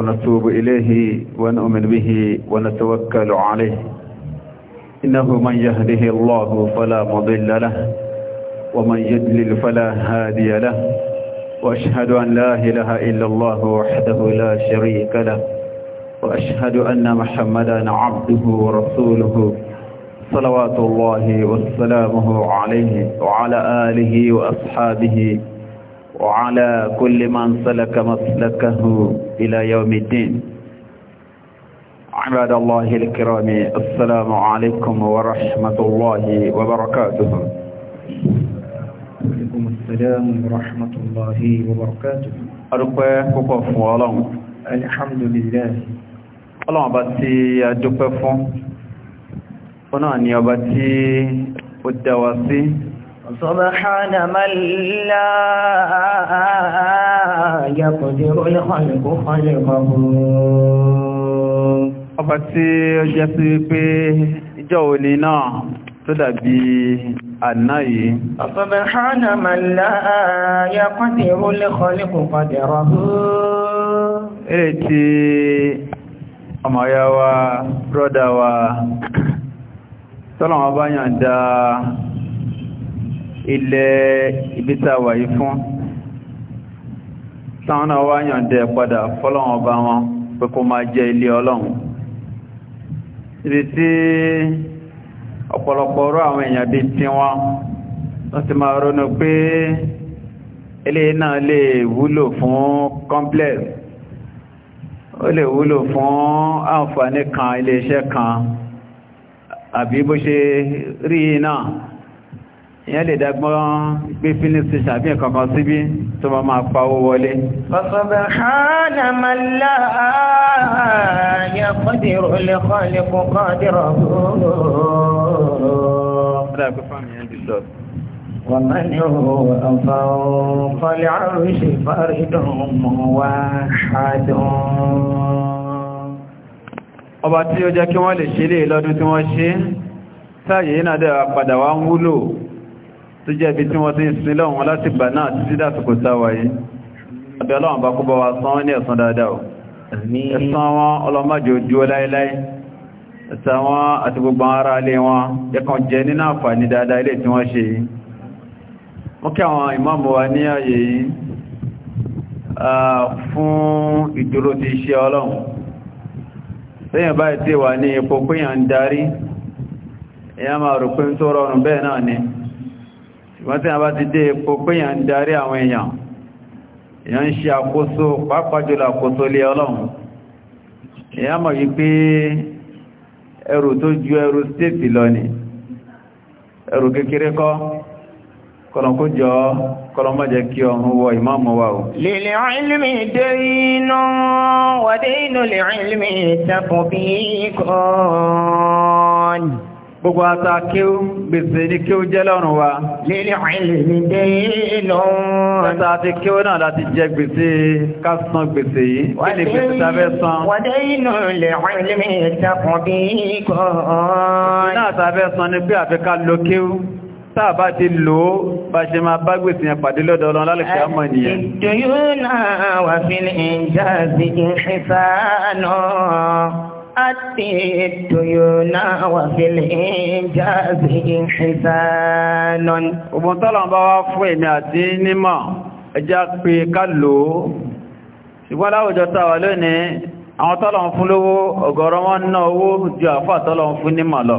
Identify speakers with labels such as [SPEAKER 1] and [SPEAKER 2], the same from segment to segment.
[SPEAKER 1] ونتوب إليه ونؤمن به ونتوكل عليه إنه من يهده الله فلا مضل له ومن يدلل فلا هادي له وأشهد أن لا إله إلا الله وحده لا شريك له وأشهد أن محمدا عبده ورسوله صلوات الله وسلامه عليه وعلى آله وأصحابه وعلى كل من سلك مسلكه إلى يوم الدين عباد الله الكرام السلام عليكم ورحمة الله وبركاته
[SPEAKER 2] وعليكم السلام ورحمة الله وبركاته
[SPEAKER 1] أرقى فقف ولم الحمد لله الله ọba tí a dúpẹ́ fún ọ̀nà
[SPEAKER 2] سبحان من لا يقدر الخلق خلقه ọba tí ó jẹ́ sí wípé ìjọ
[SPEAKER 1] òní náà tó dàbí àná yìí.
[SPEAKER 2] سبحان من لا يقدر الخلق قدره. èrè
[SPEAKER 1] tí ọmọ ya wa brọ́dà wa tọ́lọ̀wọ́ bá yàn dáa ilẹ̀ ibi tá a wà yìí fún táwọn náà wá yànjẹ́ padà fọ́lọ́wọ́n ọba wọn pé kó máa jẹ ilé ọlọ́run ibi tí ọ̀pọ̀lọpọ̀ ọ̀rọ̀ àwọn èèyàn bíi tí wọ́n wọ́n ti máa ronú pé ilé náà lè wúlò fún complex ó lè wúlò fún àǹfààní kan iléeṣẹ́ kan àbí bó ṣe rí náà ìyẹn lè dẹgbọ́n gbé filin sí ṣàbí ẹ̀kọ̀kan síbí tó bá máa pa owó wọlé.
[SPEAKER 2] Subhana man la yaqdiru li khaliqi qadrahu. ومن هو فوق العرش
[SPEAKER 1] ọba tí ó jẹ́ kí wọ́n lè ṣe lè lọ́dún tí wọ́n ṣe sáàyè náà dẹ̀ padà wá ń wúlò tó jẹ́ ibi tí wọ́n ti ń sin lọ́wọ́n láti bà náà títí dásìkò táwà yìí àbí ọlọ́wọ́n bá kó bá wa san wọ́n ní ẹ̀san dáadáa o ẹ̀san wọn ọlọ́mọ́jò dúó láíláí ẹ̀san wọn àti gbogbo ara alé wọn ẹkàn jẹ wa ní ààyè yìí fún ìdúró ti ṣe ọlọ́run sẹ́yìn báyìí tí wà ní ipò péyàn ń darí èèyàn máa rò pé tó rọrùn bẹ́ẹ̀ náà ni ṣùgbọ́n tí a bá ti dé epo péyàn ń darí àwọn èèyàn èèyàn ń ṣe àkóso pàápàá àkóso lé ọlọ́run èèyàn mọ̀ yí pé ẹrù tó ju ẹrù stéètì lọ ni ẹrù kékeré kọ́ kọlọ̀kó jọ kí ọ̀run wọ ìmáàmù wa o.
[SPEAKER 2] lèlè ìlmi dé inú wàdé inú lè ìlmi tẹ́kùn bí kọ́ọ̀nì gbogbo ata kíw gbèsè ní kíw jẹ́ lọ́rùn wa lílẹ̀ ìlú dé
[SPEAKER 1] inú ẹta àti kíw náà láti jẹ gbèsè ká san gbèsè yìí kí ni gbèsè tàbẹ́ san wọ́dé inú lè ìlú
[SPEAKER 2] ìtàkùn bí kọ́ náà
[SPEAKER 1] tàbẹ́ san ní pé àfi ká kíw táà bá ti lò ó bá ṣe máa bá gbèsè yẹn pàdé lọ́dọ̀ ọlọ́run lálẹ́kẹ́ àmọ́ nìyẹn.
[SPEAKER 2] ìdòyún náà wà fi ní ìjáàzì ìṣẹ́sánà أتي الديون وفي الإنجاز انحسان Ògùn tọ́lọ̀ bá wá fún èmi àti
[SPEAKER 1] nímọ̀, ẹjá pé ká lò ó. Ṣùgbọ́n láwùjọ tàwà lónìí, àwọn tọ́lọ̀ fún lówó, ọ̀gọ̀rọ̀ wọn ná owó ju àfà tọ́lọ̀ fún nímọ̀ lọ.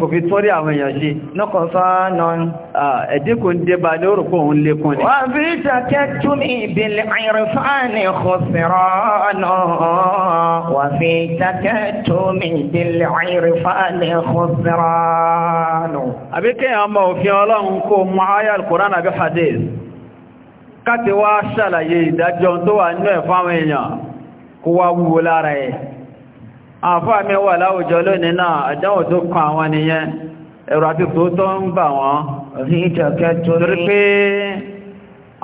[SPEAKER 2] kò fi tún rí àwọn èèyàn ṣe nọ́kọ̀ sọ́nà
[SPEAKER 1] ẹ̀dínkù ń dé bá lóòrò kó òun lékún ni.
[SPEAKER 2] wọ́n fi ṣàkẹ́ tún ní ìbílẹ̀ àìrìfáàní kòsìrọ́nà wọ́n fi ṣàkẹ́ tún ìbílẹ̀ àìrìfáàní kòsìrọ́nà. àbí kéèyàn òfin ọlọ́run kó
[SPEAKER 1] mọ àfáà mi wà láwùjọ lónìí náà àdánwò tó kan àwọn nìyẹn ẹ̀rọ àti tòótọ́ ń bà wọ́n rí ìjọkẹ́ tó rí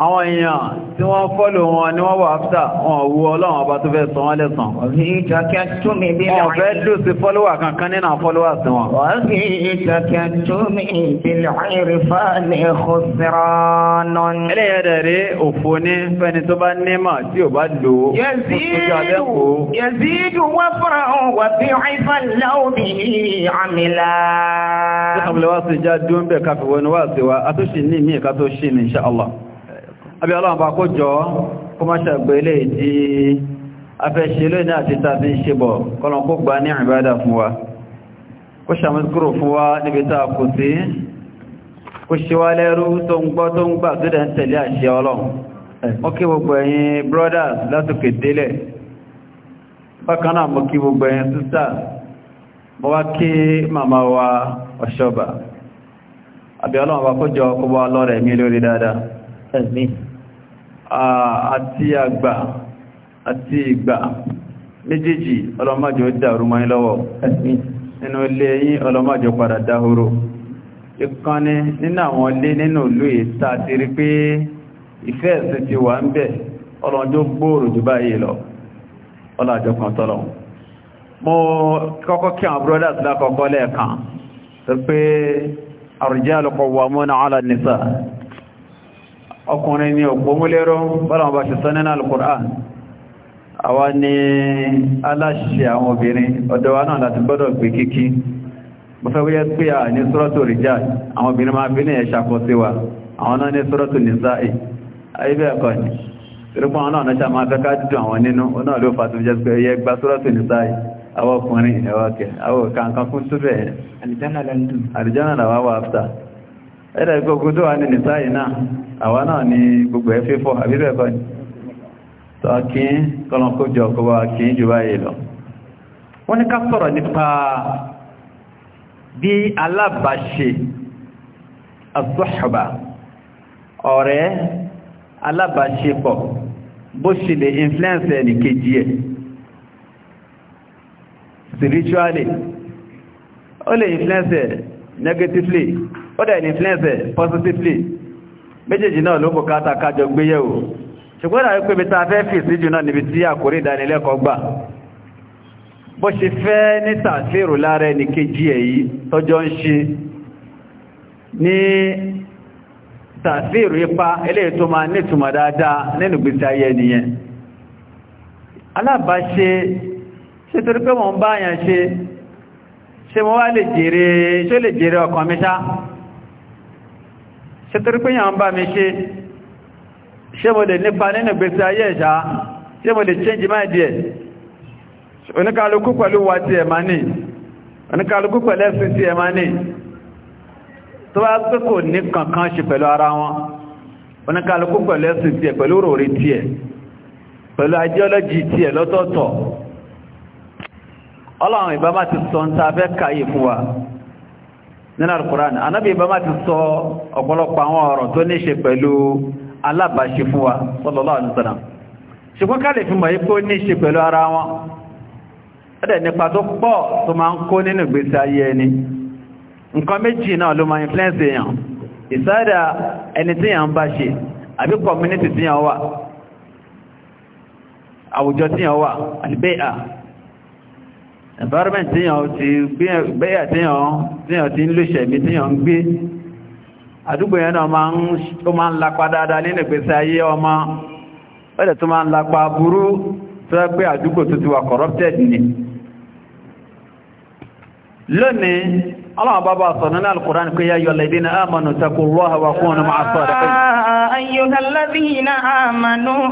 [SPEAKER 1] àwọn èèyàn tí wọ́n fọ́lù wọn ni wọ́n wà áfíta wọn wú ọlọ́run ọba tó fẹ́ sọ wọ́n lẹ́sàn. ìjọkẹ́ túnmí bí lọ́rin. wọ́n fẹ́ dù sí fọ́lùwà
[SPEAKER 2] kankan nínú fọ́lùwà sí wọn. wọ́n fi ìjọkẹ́ túnmí bí lọ́rin rí fáàlì ọ̀sẹ̀rọ̀nà. ẹlẹ́yẹ̀ rẹ̀ rí òfò ní fẹ́ni tó bá ní mà tí ò bá lò ó. yẹ̀zídù wọ́n fọ́ra wọn wà bí
[SPEAKER 1] ìfàlẹ́ àbí ọlọ́run bá kó jọ kó má ṣàgbé ilé ìdí afẹ́ṣe lónìí àti tàbí ṣe bọ̀ kọ́lọ̀ kó gbà ní ìbádà fún wa kó ṣàmúkúrò fún wa níbi tá kò sí kó ṣe wá lẹ́rú tó ń gbọ́ tó ń gbà tó dẹ̀ ń tẹ̀lé àṣẹ ọlọ́run brothers látòkè délẹ̀ bákan náà sisters mo wá kí wa ọ̀ṣọ́bà àbí ọlọ́run bá kó jọ kó bá lọ́rẹ̀ mi lórí dáadáa Amen àti àgbà àti ìgbà méjèèjì ọlọ́májọ dàrú mọ́ lọ́wọ́ nínú ilé yín ọlọ́májọ padà dáhóró ìkanni nínú àwọn ilé nínú ìlú ìta ti rí pé ìfẹ́ ẹ̀sìn ti wà ń bẹ̀ ọlọ́jọ́ gbòòrò jù báyìí lọ ọlọ́jọ́ kan tọ́lọ̀ 'ala nisa ọkùnrin ni ògbómúlérò bọ́lọ̀wọ́n bá ṣe sọ nínú al-Qur'an àwa ni aláṣẹ àwọn obìnrin ọ̀dọ̀ wa náà láti gbọ́dọ̀ gbé kíkí mo fẹ́ wíyẹ́ pé à ní Suratu Rijal àwọn obìnrin máa bí ní ẹ̀ṣà kọ sí wa àwọn náà ní Suratu Nisa'i ayébẹ̀ ẹ̀kọ́ ni irúgbọ́n àwọn náà ṣe máa fẹ́ ká dùn àwọn nínú náà ló fà tó jẹ́ pé ẹyẹ gba Suratu Nisa'i àwọn ọkùnrin ẹ̀wọ̀kẹ̀ àwọn kankan fún túbẹ̀ àlìjánà làwà wà áfta ẹ̀rẹ́ gbogbo tó wà ní nìsáyì náà àwa náà ni gbogbo ẹ fífọ́ àbíbẹ̀ kọ́ ni tó kí ń kọlọ̀kójọ kọwà kí ń jù báyìí lọ wọ́n ní ká sọ̀rọ̀ nípa bí alábàṣe asọ́ṣọ̀bà ọ̀rẹ́ alábàṣepọ̀ bó ṣe lè influence ẹni kejì ẹ̀ spiritually ó lè influence ẹ̀ negatively ó dẹ̀ ní influence positively méjèèjì náà ló bùkátà kájọ gbéyẹ̀wò ṣùgbọ́n ìdàrí pé bíta fẹ́ fi sí jù náà níbi tí àkórí ìdánilẹ́kọ̀ọ́ gbà bó ṣe fẹ́ ní tàfíìrù lára ẹni kejì èyí tọ́jọ́ ń ṣe ní tàfíìrù ipa eléyìí tó máa nítumọ̀ dáadáa nínú gbèsè ayé ẹniyẹn alábàáṣe ṣe ṣe torí pé yàn bá mi ṣe ṣe mo lè nípa nínú gbèsè ayé ẹ̀ṣá ṣe mo lè change my dear oníkàlùkù pẹ̀lú wa ti ẹ̀mà ní oníkàlùkù pẹ̀lú ẹ̀sìn ti ẹ̀mà ní tó bá pé kò ní kankan ṣe pẹ̀lú ara wọn oníkàlùkù pẹ̀lú ẹ̀sìn ti ẹ̀ pẹ̀lú nínú alukurani anábì bá má ti sọ ọ̀pọ̀lọpọ̀ àwọn ọ̀rọ̀ tó ní ṣe pẹ̀lú alábàáṣe fún wa sallallahu alaihi wasallam ṣùgbọ́n ká lè fi mọ̀ ipò ní ṣe pẹ̀lú ara wọn ẹ̀dẹ̀ nípa tó pọ̀ tó máa ń kó nínú ìgbésí ayé ẹni nǹkan méjì náà ló máa influence èèyàn ìsáàdà environment tíyàn ti gbéyà tíyàn ti ń lò ṣẹ̀mí tíyàn ń gbé àdúgbò yẹn náà máa ń lapa dáadáa nínú ìgbésí ayé ọmọ ọ̀dẹ̀ tó máa ń lapa burú tó pé àdúgbò tó ti wà corrupted ni lónìí الله بابا صننا القرآن كي يا أيها الذين آمنوا اتقوا الله وكونوا مع الصادقين
[SPEAKER 2] أيها الذين آمنوا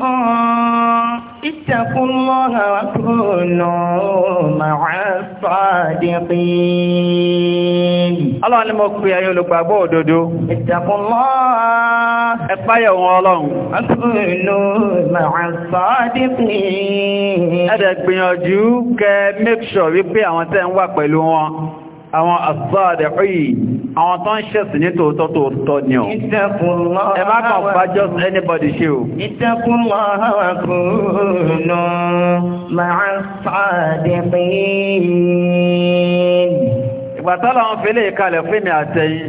[SPEAKER 2] اتقوا الله وكونوا مع الصادقين الله ni mo pe ayo lo gbàgbọ́ òdodo اتقوا الله ẹ páyà wọn Ọlọ́run وكونوا مع
[SPEAKER 1] الصادقين ẹ dẹ̀ gbìyànjú kẹ́ make sure wípé àwọn tẹ́ ń wà pẹ̀lú wọn àwọn àsáàdẹ̀ ọ̀yí àwọn tó ń ṣẹ̀sì ní tòótọ́ tòótọ́ ni ọ̀.
[SPEAKER 2] ẹ má kàn fà just anybody ṣe o. ìtẹ́kùnlọ́wọ́ kùnú máa sáàdẹ̀ pé
[SPEAKER 1] ìgbàtọ́lá wọn fẹ́lẹ̀ ìkalẹ̀ fún mi àtẹ́yìn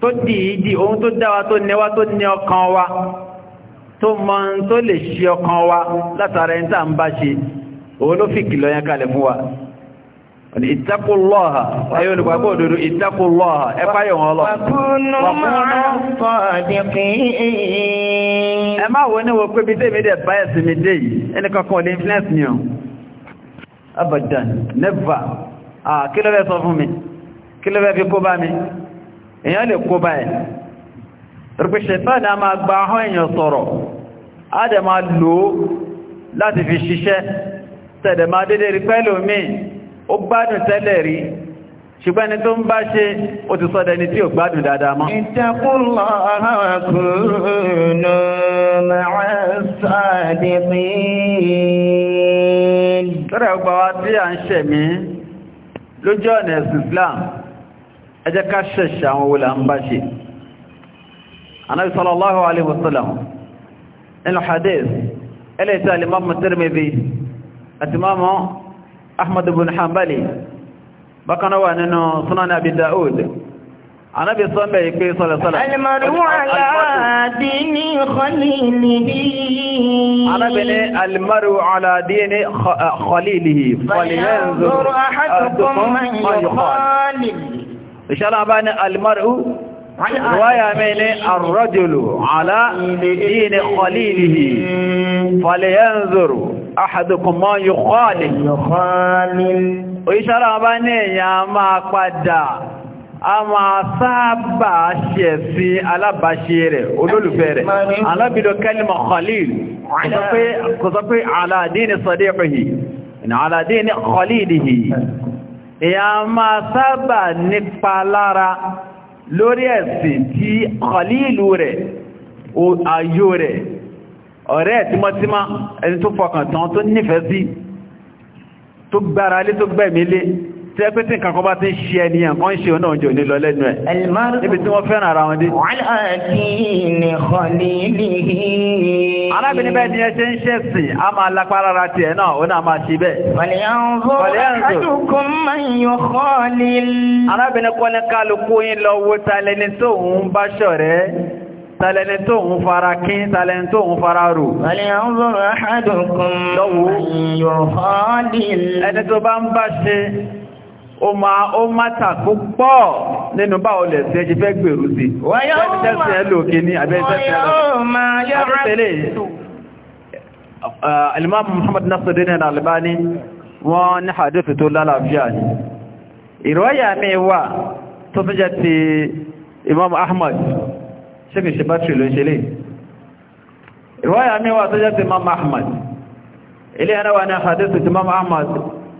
[SPEAKER 1] tó dì í di ohun tó dáwa tó níwá tó ní ọkàn wa tó mọ tó lè ṣe ọkàn wa látara ẹni tá à ń bá ṣe òun ló fi kìlọ̀ yẹn kalẹ̀ fún wa ìtàkùlọ́ha ayé olùgbàgbọ́ òdòdó ìtàkùlọ́ha ẹpáyọ̀ wọn lọ
[SPEAKER 2] ẹ máa wọ́n ní wọ́n pé bí tèmi dẹ̀ báyẹ̀
[SPEAKER 1] sí mi dé yìí ẹni kankan lè influence ni ọ abadan never ah kí ló fẹ́ sọ fún mi kí ló a fi kó bá mi èyàn lè kó bá ẹ̀ rúpẹ̀ṣẹ̀ fẹ́ẹ̀dá máa gba ahọ́n èyàn sọ̀rọ̀ á dẹ̀ máa lò ó láti fi ṣiṣẹ́ tẹ̀dẹ̀ máa dédé rí pẹ́lú míì ó gbádùn tẹ́lẹ̀ rí ṣùgbọ́n ẹni tó ń bá ṣe ó ti sọ́dọ̀ ẹni tí ò gbádùn dáadáa mọ́. ìtẹ́kùnlọ
[SPEAKER 2] arákùnrin máa sáàdì pín. tọ́rọ ọgbà wa tí a ń
[SPEAKER 1] ṣẹ̀mí lójú ọ̀nà ẹ̀sìn Islam ẹ jẹ́ ká ṣẹ̀ṣẹ̀ àwọn wo أحمد بن حنبلي بقنا وأنه صنعنا أبي داود عن أبي صلى الله عليه وسلم المرء على
[SPEAKER 2] دين خليله على بن المرء على دين
[SPEAKER 1] خليله فلينظر أحدكم من يخالل إن شاء الله بأن المرء رواية من الرجل على دين خليله فلينظر ahadukum ma yukhali yukhali o isara ba ni eyan ma padà a máa sábà ṣe sí alábàṣe rẹ̀ olólùfẹ́ rẹ̀ alábìlò kalima khalil kò sọ pé aladini sadiqihi aladini khalidihi èyàn máa sábà nípa lára lórí ẹ̀sìn tí khalilu rẹ̀ ayò rẹ̀ ọ̀rẹ́ ẹ̀ ẹni tó fọkàn tán tó nífẹ̀ẹ́ sí tó gbára lé tó gbẹ̀mí lé tí ẹ pé tí nǹkan kan bá ti ń ṣe ẹni ẹ̀kan ṣe ọ̀nà òjò ní lọ lẹ́nu
[SPEAKER 2] ẹ̀ níbi tí wọ́n fẹ́ràn ara wọn dé. arábìnrin bẹ́ẹ̀ ni ẹ ṣe ń ṣe sìn a máa lápá rárá ti ẹ̀ náà ó náà máa ṣe bẹ́ẹ̀. arábìnrin
[SPEAKER 1] kọ́ kálukú yín lọ wo ta lẹni bá ṣọ̀rẹ́ tàlẹ́ni tó ń fara kín tàlẹ́ni tó ń fara rò. ẹni tó bá ń bá ṣe ó máa ó mátà púpọ̀ nínú báwo lẹ̀ sí ẹjì fẹ́ gbèrú sí ẹ̀ẹ́sẹ̀sẹ̀ ẹlòkè ní àbẹ́ wọ́n ní hadith tó lálàáfíà ní ìrọ́yà mi wà tó fi jẹ́ ti Imam ṣe kìí ṣe bátìrì ló ń ṣe lè ìwáyà míwà tó jẹ́ ti mama ahmad ilé ẹ̀rẹ́wà ní hadithu ti mama ahmad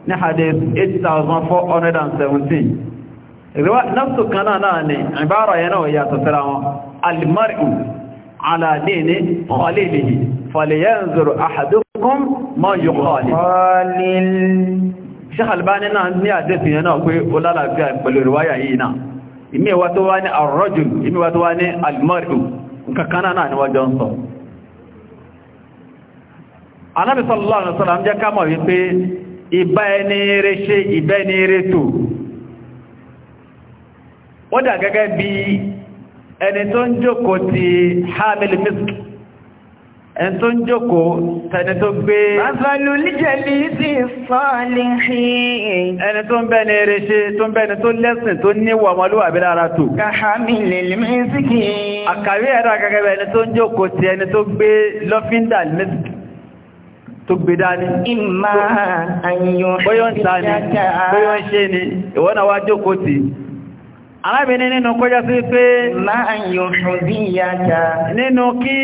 [SPEAKER 1] ní hadith 8417 ìwá náfsù kan náà ni ìbára yẹn náà yàtọ̀ síra wọn almar'u ala dini khalilihi falyanzur ahadukum ma yukhalil Sheikh Albani náà ní àdẹ́sì yẹn ìmí ìwà tó wá ní ar-rajul ìmí ìwà tó wá ní al-mar'u kankaná náà ni wọ́n jọ ń sọ Ànábì sallallahu alaihi wasallam jẹ́ ká mọ̀ wípé ìbá ẹni rẹ̀ ṣe ìbá ẹni rẹ̀ tò ó dà gẹ́gẹ́ bí ẹni tó ń ti hamil misk ẹn tó ń jókòó tẹni tó
[SPEAKER 2] gbé afẹ́lúlíjẹ̀lì sí sọ́ọ̀lìhì ẹni tó ń
[SPEAKER 1] bẹ́ ni eré ṣe tó ń bẹ́ ni tó lẹ́sìn tó níwà ọmọlúwàbí lára tó
[SPEAKER 2] kàhàmìlìlìmísìkì
[SPEAKER 1] àkàrí ẹ̀rọ agagẹ́bẹ̀ ẹni tó ń jókòó ti ẹni tó gbé lọ́fíndà lẹ́sìkì tó gbé dání ìmá àyíyàn arábìnrin nínú kọjá sí pé máa nínú kí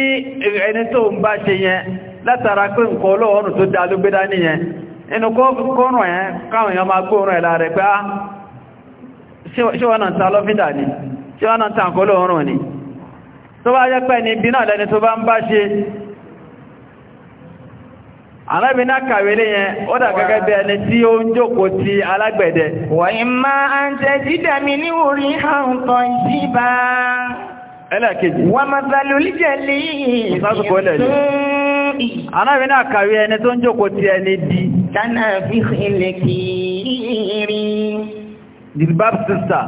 [SPEAKER 1] ẹni tó ń bá ṣe yẹn látara pé nǹkan olóòrùn tó dá ló yẹn nínú kọ́rùn ẹ̀ káwọn èèyàn máa gbóòrùn pé ah, á lọ́fídà ni nǹkan olóòrùn ni tó bá jẹ́ pẹ́
[SPEAKER 2] arábìnrin akàwélé yẹn ó dà gẹ́gẹ́ bí ẹni tí ó ń jókòó ti alágbẹ̀dẹ. wọ́n máa ń tẹ̀sí dàmí ní orí àwọn kan sí bá. ẹlẹ́kejì. wọ́n máa sálò líjẹ̀lì. sásùkò ilẹ̀ yìí. arábìnrin akàwé ẹni tó ń jókòó ti ẹni di. kánà fi ilẹ̀ kiri.
[SPEAKER 1] dilbab sista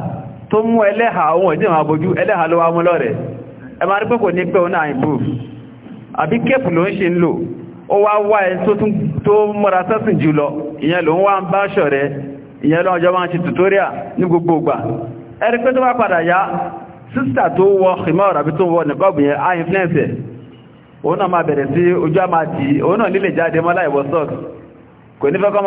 [SPEAKER 1] tó mú ẹlẹ́hà ohun ẹ̀dí àwọn abojú ẹlẹ́hà ló wá mú lọ́rẹ̀ ẹ máa rí pé kò ní pẹ́ òun náà improve àbí kéèpù ló ń ṣe ń lò ó wá wá ẹ tó mọ́ra sẹ́sìn jùlọ ìyẹn ló ń wá ń bá ṣọ̀rẹ́ ìyẹn lọ́jọ́ máa ń ṣe tutorial ní gbogbo ìgbà ẹ̀rí pé tó bá padà yá sísà tó wọ ìmọ̀ràn àbí tó wọ nìkọ́bù yẹn á influence ẹ̀ òun náà máa bẹ̀rẹ̀ sí ojú àmà tí òun náà nílè jáde mọ́lá ìwọ̀ socks kò ní fẹ́kọ́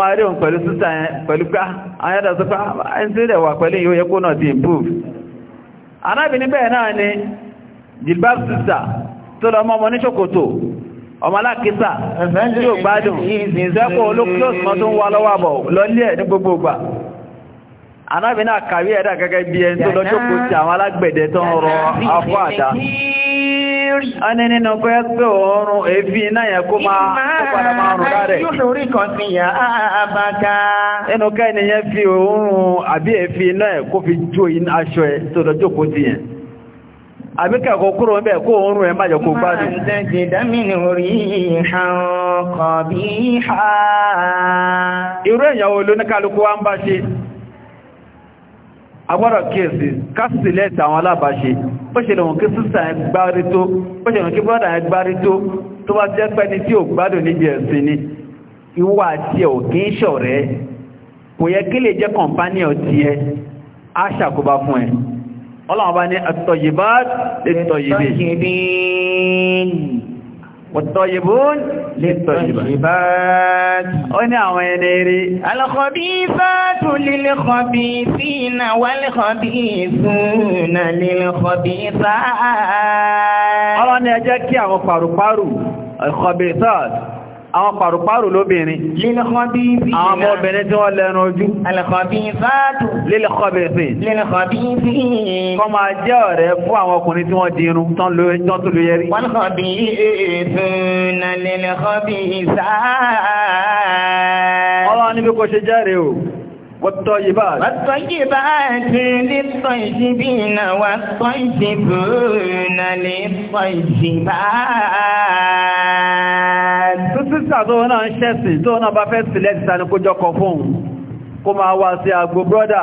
[SPEAKER 1] máa ah, ni jilbab sísà tó lọ mọ́ ọmọ ní ṣòkòtò ọmọ ala tí ó gbádùn ìsẹ́kọ̀ olókíọ́sì kan tó ń wà ẹ̀ ní gbogbo ìgbà anábì náà kàrí ẹ̀dà gẹ́gẹ́ bí ẹni tó lọ́jọ́kò tí àwọn tó ń rọ afọ́ àdá
[SPEAKER 2] a nínú pé oòrùn náà kó máa máa rùn inú fi oòrùn
[SPEAKER 1] àbí náà kó fi jó aṣọ ẹ̀ tó àbí kẹ́kọ̀ọ́ kúrò ń bẹ̀ kó oorun ẹ máa jẹ kó gbádùn. máa ń tẹ́jì dámìnì orí ìhànkọ̀ bí i ha. irú èèyàn wo lóníkálukú wá ń bá ṣe agbọ́dọ̀ kíyèsí kásìsì lẹ́ta àwọn alábàáṣe ó ṣe lòun kí sísà ẹ gbárí tó ó ṣe lòun kí bọ́dà ẹ gbárí tó tó bá jẹ́ pẹ́ni tí ò gbádùn níbi ẹ̀sìn ni ìwà àti ẹ̀ ò kí ọlọ́run bá ní àtọ̀yìbáàt
[SPEAKER 2] lẹ́tọ̀yìbìn wọ̀tọ̀yìbún lẹ́tọ̀yìbáàt ó ní àwọn ẹni rí alkhabithatu lilkhabithina walkhabithuna lilkhabithat àwọn
[SPEAKER 1] pàrùpàrù lóbìnrin
[SPEAKER 2] àwọn ọmọ obìnrin
[SPEAKER 1] tí wọ́n lẹ́nu ojú lílẹ̀kọ́bìnrin kọ́ máa jẹ́ ọ̀rẹ́ fún àwọn ọkùnrin tí wọ́n dínú
[SPEAKER 2] tán ló ló yẹrí ọlọ́run níbi kò ṣe jẹ́rẹ̀ o والطيبات والطيبات للطيبين والطيبون للطيبات sísà
[SPEAKER 1] tó náà ń ṣẹ́sì tó náà bá fẹ́ sílẹ̀ ìsànikójọ́kọ̀ fún kó máa wá sí àgbò brọ́dà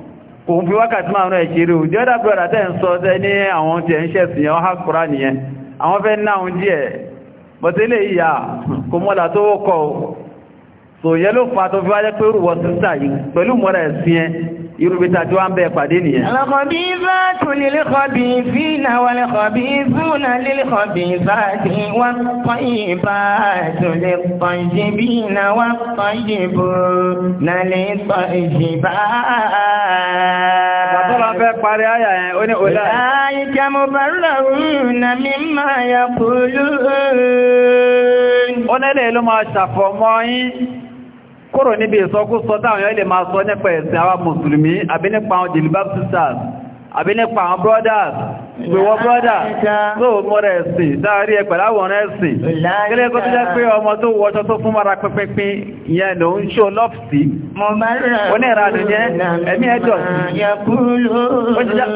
[SPEAKER 1] kò ń fi wákàtí máa rán ẹ̀kiri ò jọ́dá brọ́dà tẹ́ ń sọ tẹ́ ní àwọn tẹ́ ń ṣẹ̀sìn yàn ha nìyẹn àwọn fẹ́ náà díẹ̀ bọ̀tílẹ̀ ìyà kò mọ́lá tó wọ́kọ̀ so yẹ ló fa tó fi wájẹ́ pé rúwọ́ sísà irúgbé tàbí wá ń bẹ pàdé nìyẹn.
[SPEAKER 2] Àlọ́kọ̀bí bá tún lílé kọ̀bí sí ìnáwó lè kọ̀bí fún lílé kọ̀bí bá ti wá pọ̀ bá tún lè pọ̀ bí ìnáwó pọ̀ yìí bó na lè pọ̀ yìí bá. Bàbá fẹ́ parí àyà yẹn, ó ní òlà. Láyé kí a mọ̀ bá lọ́rùn na mi máa yà kúlù.
[SPEAKER 1] Ó nílé ló máa ṣàfọ̀mọ́ yín kúrò níbi ìsọkúsọ táwọn yóò lè máa sọ nípa ẹ̀sìn àwa mùsùlùmí àbí nípa àwọn jìlìbá sisters àbí nípa àwọn brothers gbèwọ́ brothers tó mọ́rẹ̀ ẹ̀sìn dáàrí ẹ pẹ̀lú àwọn ẹ̀sìn kílé kó tó jẹ́ pé ọmọ tó wọ́ṣọ́ tó fún mara pínpín ìyẹn ló ń ṣó lọ́pìtì onírànú yẹn ẹ̀mí ẹ̀dọ̀ sí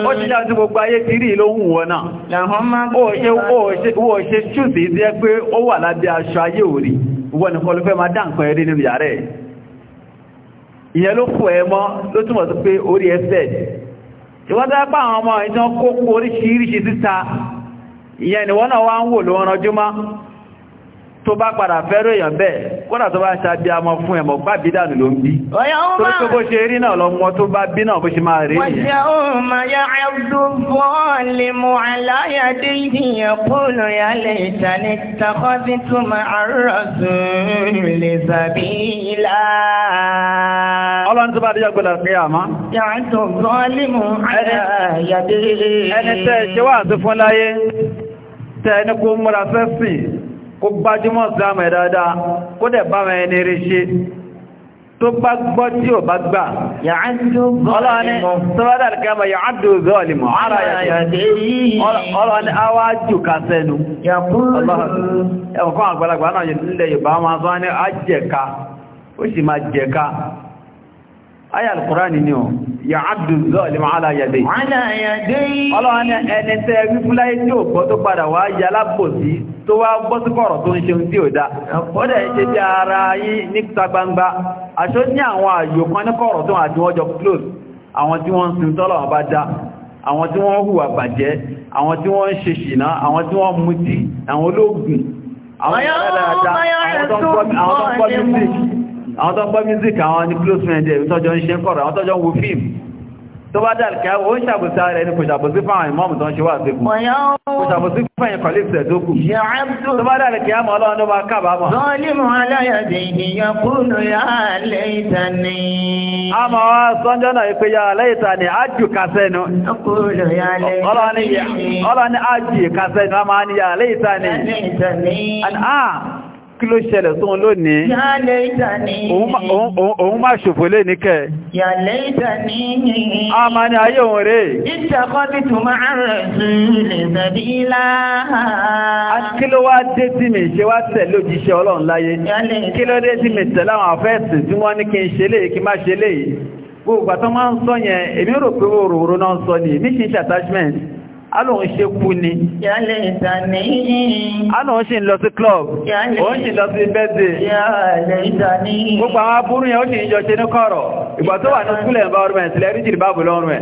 [SPEAKER 1] ó ti já sí gbogbo ayé ti rí ló wùn wọn náà ó ṣe ṣùsì jẹ́ pé ó wà lábẹ́ aṣọ ayé òrí ìwọ nìkan ló fẹ́ máa dá nǹkan ẹ̀rí nínú yàrá ẹ̀ ìyẹn ló fò ẹ mọ́ ló túnmọ̀ sí pé orí ẹsẹ̀ ìwọ́dá pa àwọn ọmọ ìjọ kó kó oríṣiríṣi síta ìyẹn ìwọ́n náà wá ń wò ló rànjú mọ́ tó bá padà fẹ́rẹ̀ èèyàn bẹ́ẹ̀ kódà tó bá ń ṣàbí amọ fún ẹmọ bá bí dànù ló ń bí tó bó ṣe rí náà lọ́mọ tó bá bí náà bó ṣe máa rí
[SPEAKER 2] Ọlọ́run tó bá dé jọ́gbọ́dọ̀ pé àmá. Ẹni tẹ́ ṣe wà tó fún láyé,
[SPEAKER 1] tẹ́ ẹni kó múra fẹ́ sìn kó gbájúmọ́ islam ẹ̀ dáadáa kó dẹ̀ bá wọn ẹni rí ṣe tó bá gbọ́ tí ò bá gbà
[SPEAKER 2] ọlọ́ni tọ́wọ́dà
[SPEAKER 1] kẹma yà ádù zọ́ọ̀lìmọ̀ ara ọlọ́ni awájú kásẹ̀nu ẹ̀kọ́ àgbàlagbà Aya al-Qur'ani ni o, ya abdu zalimu ala yade. Ala
[SPEAKER 2] yade. Ọlọ́wọ́ ni ẹni
[SPEAKER 1] tẹ́ wífúlá tí ó gbọ́ tó padà wá yà lápòsí tó wá gbọ́ sí kọ̀rọ̀ tó ń ṣe tí ó dá. Ó dẹ̀ ṣe bí ara yí níta gbangba. Aṣó ní àwọn àyò kan ní kọ̀rọ̀ tó àti wọ́n jọ close. Àwọn tí wọ́n ń sin tọ́lọ̀ wọn bá dá. Àwọn tí wọ́n hùwà bàjẹ́. Àwọn tí wọ́n ń ṣe ṣìnà. Àwọn tí wọ́n mutí. Àwọn olóògùn. Àwọn tó ń gbọ́ music àwọn tó ń gbọ́ music àwọn ní close friend ẹ̀ tọ́jọ́ ń ṣe ń kọ̀rọ̀ àwọn tọ́jọ́ ń wo film tó bá dà kí àwọn oníṣàbòsí ara ẹni kò ṣàbòsí fún àwọn ìmọ̀mù tó ń ṣe wà sí kù kò ṣàbòsí fún ẹ̀yìn kọ̀lẹ́sẹ̀ tó kù tó bá dà kí àmọ́ ọlọ́run ló máa kábàámọ̀.
[SPEAKER 2] zọ́ọ̀lìmọ̀ aláyọ̀dẹ̀ ìyẹn kúrò yá lẹ́yìntà a máa
[SPEAKER 1] wá sọ́njọ́ náà pé yá lẹ́yìntà ni a jù kásẹ̀ nu. ọlọ́run ni a jù kásẹ̀ nu a máa ní yá lẹ́yìntà ni kí ló ṣẹlẹ̀ sóhun lónìí òun má ṣòfò lè ní kẹ́
[SPEAKER 2] a ma ní ayé òun rẹ̀
[SPEAKER 1] kí ló wá dé tí mi ṣe wá tẹ̀ lójíṣẹ́ ọlọ́run láyé kí ló dé tí mi tẹ̀ láwọn àfẹ́ẹ̀sì tí wọ́n ní kí n ṣe lè kí má ṣe lè gbogbo àtọ́ máa ń sọ yẹn èmi rò pé òròrò náà ń sọ ní ní kí attachment alóhun ṣe kú ni
[SPEAKER 2] yálẹ̀ ìtàní
[SPEAKER 1] alóhun ṣe ń lọ sí club òun ṣe lọ sí bẹ́ẹ̀dẹ̀ yálẹ̀ ìtàní gbogbo àwọn abúrú yẹn ó ṣe ìjọ ṣe ní kọ̀rọ̀ ìgbà tó wà ní skúlẹ̀ environment lẹ́rí jìrì báàbù lọ́rùn ẹ̀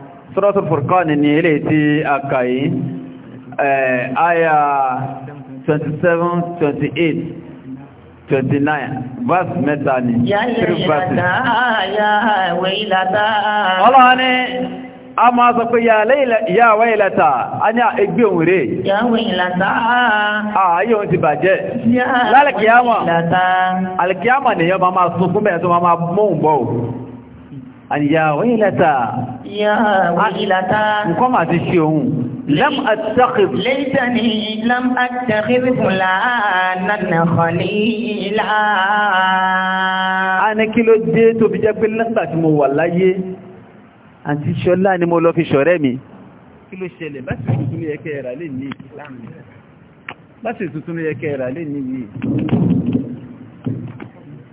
[SPEAKER 1] Suratul Furqan ni ilé ti a kà yìí 27 28 29 verse meta ni 3 verses. Ọlọ́run ni a máa sọ pé ya wailata a ní ẹgbẹ́ òun rẹ̀ ààyè òun ti bàjẹ́
[SPEAKER 2] lálẹ́kìyàmọ̀ alìkìyàmọ̀
[SPEAKER 1] nìyàn máa sún fún mẹ́rin tó o. ani òun bọ́
[SPEAKER 2] yá wáyìlátá. nǹkan máa ti ṣe òun lam àtàkì. lẹ́yìn ní lam àtàkì fúnla nana khalila.
[SPEAKER 1] a ní kí ló dé tó fi jẹ́ pé nígbà tí mo wà láyé àti ṣọlá ni mo lọ fi ṣọ̀rẹ́ mi. kí ló ṣẹlẹ̀ bá ti tuntun ní ẹ̀kẹ́ ẹ̀rà lè ní ìsìlámù bá ti tuntun ní ẹ̀kẹ́ ẹ̀rà lè ní yìí.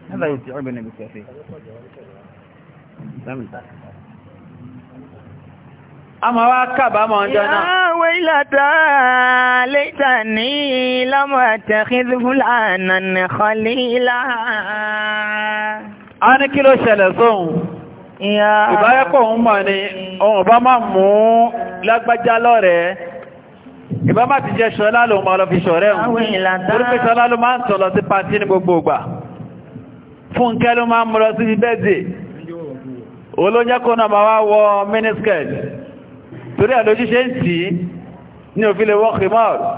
[SPEAKER 1] هذا يتعبنا بكثير. فهمت
[SPEAKER 2] a ma wá kàbá mọ̀ ọjọ́ náà. Yáwé ìlàtà lẹ́ta ní lámọ̀ àtẹ̀kìdì fúlànà nìkan lílá. A ní kí ló ṣẹlẹ̀ sóhun? Ìbáyẹ́kọ̀ òun mọ̀ ni,
[SPEAKER 1] òun bá máa mú lágbájá lọ́rẹ̀ẹ́. Ìbá má ti jẹ́ ṣọlá lòun máa lọ fi ṣọ̀rẹ́ òun. Torí pé ṣọlá ló torí àlójú ń tí ní òfin lè wọ́ kìmọ́ọ̀lù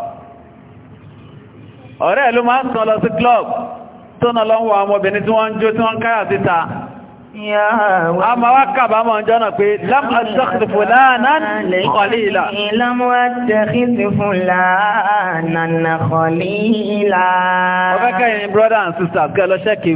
[SPEAKER 1] ọ̀rẹ́ ló máa ń tàn lọ sí club tó nà lọ ń wọ àwọn tí wọ́n ń jó tí wọ́n káyà síta a wá kàbà mọ̀ ń jọ́nà pé lam àtàkìtì fulanan kọlíìlà
[SPEAKER 2] and sister kẹ́ lọ
[SPEAKER 1] ṣẹ́kì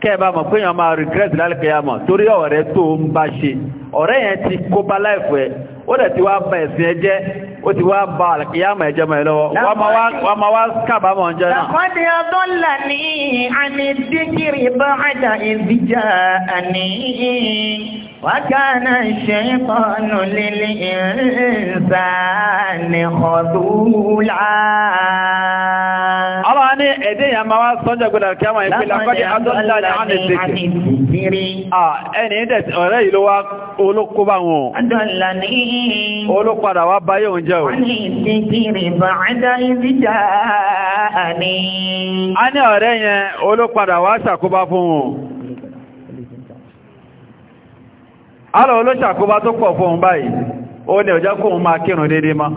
[SPEAKER 1] kẹ́ẹ̀bá mọ̀ pé yàn máa regret lálẹ́kẹ̀yàmọ̀ torí ọ̀rẹ́ tó ń bá ṣe ọ̀rẹ́ yẹn ti kó láìfẹ́ ó dẹ̀ ti wá bá ẹ̀sìn ẹjẹ́ ó ti wá bá àlàkìyàmọ̀ ẹjẹ́ mọ̀ ẹlọ́wọ́ wọ́n ma wá kábàámọ̀ ọjọ́ náà.
[SPEAKER 2] lọ́kọ́dé ọdọ́là ní àmì bá àjà ìbíjà àní wákàánà ṣẹ́kọ̀ọ́nù lílé ìrìnsàánì ọ̀dúnlá. ọmọ ní ẹ̀dẹ́ yà ní àmì díkìrì. jẹ́ ọrịa. a ní ọ̀rẹ́ yẹn
[SPEAKER 1] olópadà wá ṣàkóbá fún wọn alọ́ olóṣàkóbá tó pọ̀ fún báyìí ó ní ọjọ́ kóhun máa kírun dédé mọ́.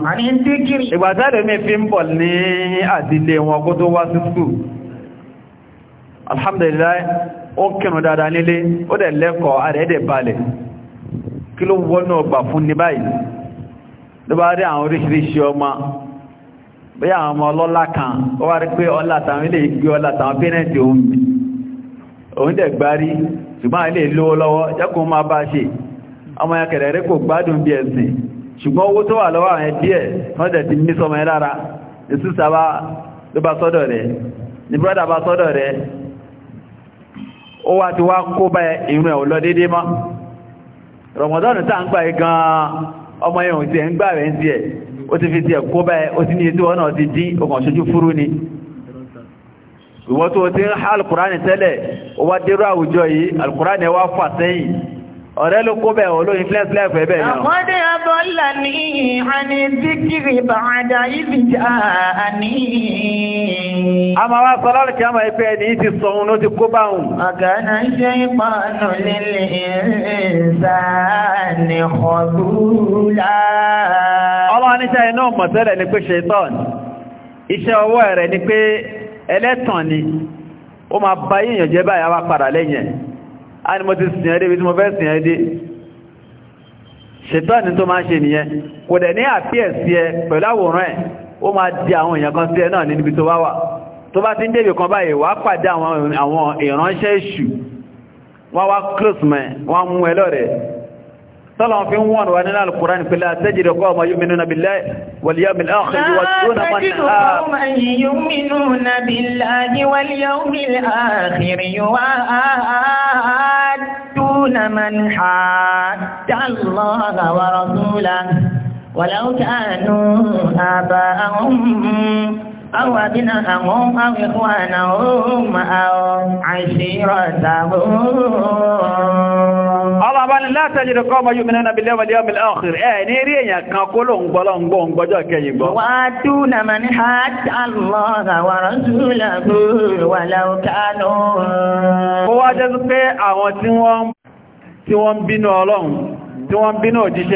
[SPEAKER 1] ìgbàtẹ́rẹ̀ mi fi ń bọ̀ ní àdílé wọn kó tó wá alhamdulillah ó dáadáa ọgbà ló àwọn oríṣiríṣi ọmọ bí àwọn ọmọ ọlọ́lá kan ó wá rí pé ọlá tàwọn ilé ìgbé ọlá tàwọn pẹ́rẹ́ntì òun mi òun dẹ̀ gbárí ṣùgbọ́n ilé lówó lọ́wọ́ jẹ́kùn máa bá ṣe ọmọ ya rí kò gbádùn bí ẹ̀sìn ṣùgbọ́n owó tó wà lọ́wọ́ àwọn ọmọ yẹn ò tiẹ̀ ń gbà rẹ̀ ń tiẹ̀ ó ti fi tiẹ̀ kó báyẹ̀ ó ti ní etí wọn ti dín ọkàn ṣojú fúrú ni ìwọ́n tó ti ń há alukurani tẹ́lẹ̀ ó wá dérú àwùjọ yìí alukurani wá fà sẹ́yìn ọ̀rẹ́ ló kó bẹ̀ olóò influence life ẹ̀bẹ̀ náà.
[SPEAKER 2] àkọ́dé abọ́là ní àní síkìrì bàdà ìbìjà àní. a máa wá sọ lọ́rùn kí a máa fẹ́ ẹni ti sọ ló ti kó bá òun. ọ̀gánà ṣe ìpanu lílé ìsáàní ọ̀dúnlá.
[SPEAKER 1] ọmọ oníṣẹ́ iná mọ̀tẹ́lẹ̀ ni pé ṣetán iṣẹ́ ọwọ́ rẹ̀ ni pé ẹlẹ́tàn ni ó máa bá yíyànjẹ́ báyà wá a ni mo ti sìn ẹ́dẹ́ bí tí mo fẹ́ sìn ẹ́dẹ́ ṣètọ́ni tó máa ṣe nìyẹn kò dẹ̀ ní àfíẹ̀ sí ẹ pẹ̀lú àwòrán ẹ̀ ó máa di àwọn èèyàn kan sí ẹ náà níbi tó bá wà tó bá ti ń débì kan báyìí wà pàdé àwọn ìránṣẹ́ èṣù wọ́n wá close man, wọ́n mú ẹ lọ́rẹ̀ẹ́ طلع في وان واننا القرآن فلا تجد قوم يؤمنون بالله واليوم الآخر يودون من تجد آه. قوم
[SPEAKER 2] يؤمنون بالله واليوم الآخر يودون من حاد الله ورسوله ولو كانوا آباءهم أو أبناءهم أو إخوانهم أو عشيرتهم Allah bá ní látàjì rẹ̀ kọ́mọ yóò mìíràn bí lẹ́wọ̀lẹ́ ọmọ ìlànkìrì ẹ̀ ní rí èyàn
[SPEAKER 1] kan kó ló ń gbọ́lọ́ ń gbọ́ ń gbọ́jọ́ kẹyìn gbọ́.
[SPEAKER 2] Wà á tú na mà ní hajjá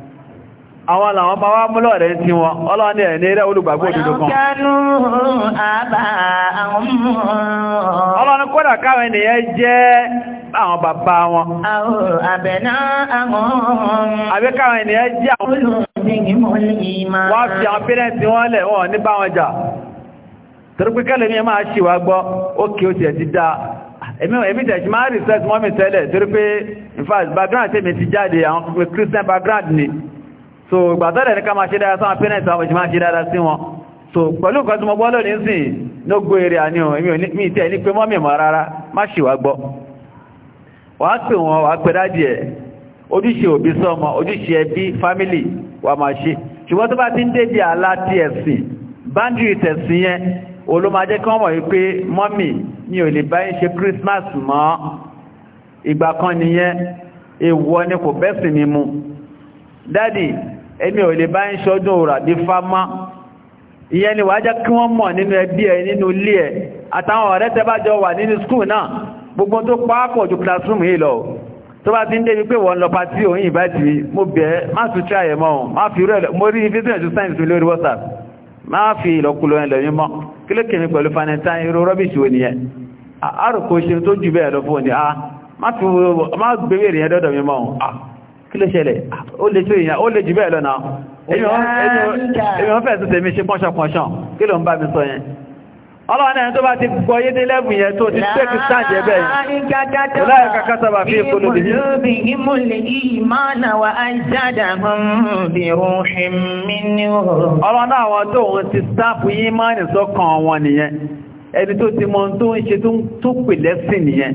[SPEAKER 2] lọ
[SPEAKER 1] àwọn làwọn bá wá múlọ̀ rẹ̀ tí wọn ọlọ́wọ́ ní ẹ̀ní rẹ̀ olùgbàgbọ́ òdodo
[SPEAKER 2] kan ọlọ́ni kódà káwọn ènìyàn jẹ́ àwọn bàbá wọn àbí káwọn ènìyàn jẹ́ àwọn wọ́n fi àwọn pẹ́rẹ́ntì wọn lẹ̀ wọ́n ní bá wọn jà
[SPEAKER 1] torípíkẹ́lẹ̀ mi máa ṣìwà gbọ́ ókè ó ti ẹ̀ ti dáa máa rí sẹ́ẹ̀tì mọ́mí tẹ́lẹ̀ torípé in fact background tẹ́mi ti jáde àwọn christian background ni so gbàtọ́rẹ̀ ní ká máa ṣe dára sáwọn parents àwọn ìjìmá ṣe dára sí wọn so pẹ̀lú nǹkan tí mo gbọ́ lónìí sí nógó eré àní ohun mi ìtẹ́ ní pé mọ́mí mọ́ rárá má ṣì wá gbọ́ wà pè wọn wà pè dájì ẹ̀ ojúṣe òbí sọmọ ojúṣe ẹbí family wà máa ṣe ṣùgbọ́n tó bá ti ń dédé àlá ti ẹ̀sìn boundary tẹ̀sìn yẹn olómajẹ́ kí wọ́n mọ̀ wípé mọ́mí mi ò lè bá yín ṣe Christmas mọ́ ìgbà kan nìyẹn èèwọ̀ ni kò bẹ́sìn mi mu dádì èmi ò lè bá ń ṣọdún òrà bí fámá ìyẹn ni wàá jẹ́ kí wọ́n mọ̀ nínú ẹbí ẹ nínú ilé ẹ àtàwọn ọ̀rẹ́ tẹ́ bá jọ wà nínú skul náà gbogbo tó pàápọ̀ ju classroom yìí lọ tó bá ti ń débi pé wọ́n lọ pàtí òun yìí bá ti mo bẹ̀ ẹ́ má tún tí àyẹ̀ mọ́ má fi rẹ̀ mo rí ní fífún ẹ̀jú sáyẹ̀nsì lórí WhatsApp má fi ìlọkulọ ẹ̀ lọ́yún mọ́ a kí ló ṣẹlẹ̀ ó lè tó èèyàn ó lè jù bẹ́ẹ̀ lọ́nà èmi wọ́n fẹ́ tún tèmi ṣe pọ́nṣọpọ̀nṣọ kí ló ń bá mi sọ yẹn
[SPEAKER 2] ọlọ́run ẹni tó bá ti
[SPEAKER 1] gbọ́ yédé lẹ́bùn yẹn tó ti tẹ́kì sáàjẹ́ bẹ́ẹ̀ láàrín kàkàtàbà fi ìpolò bìí
[SPEAKER 2] bí i mú lè yìí
[SPEAKER 1] máa ẹni tó ti mọ̀ tó ń ṣe tó pè lẹ́sìn nìyẹn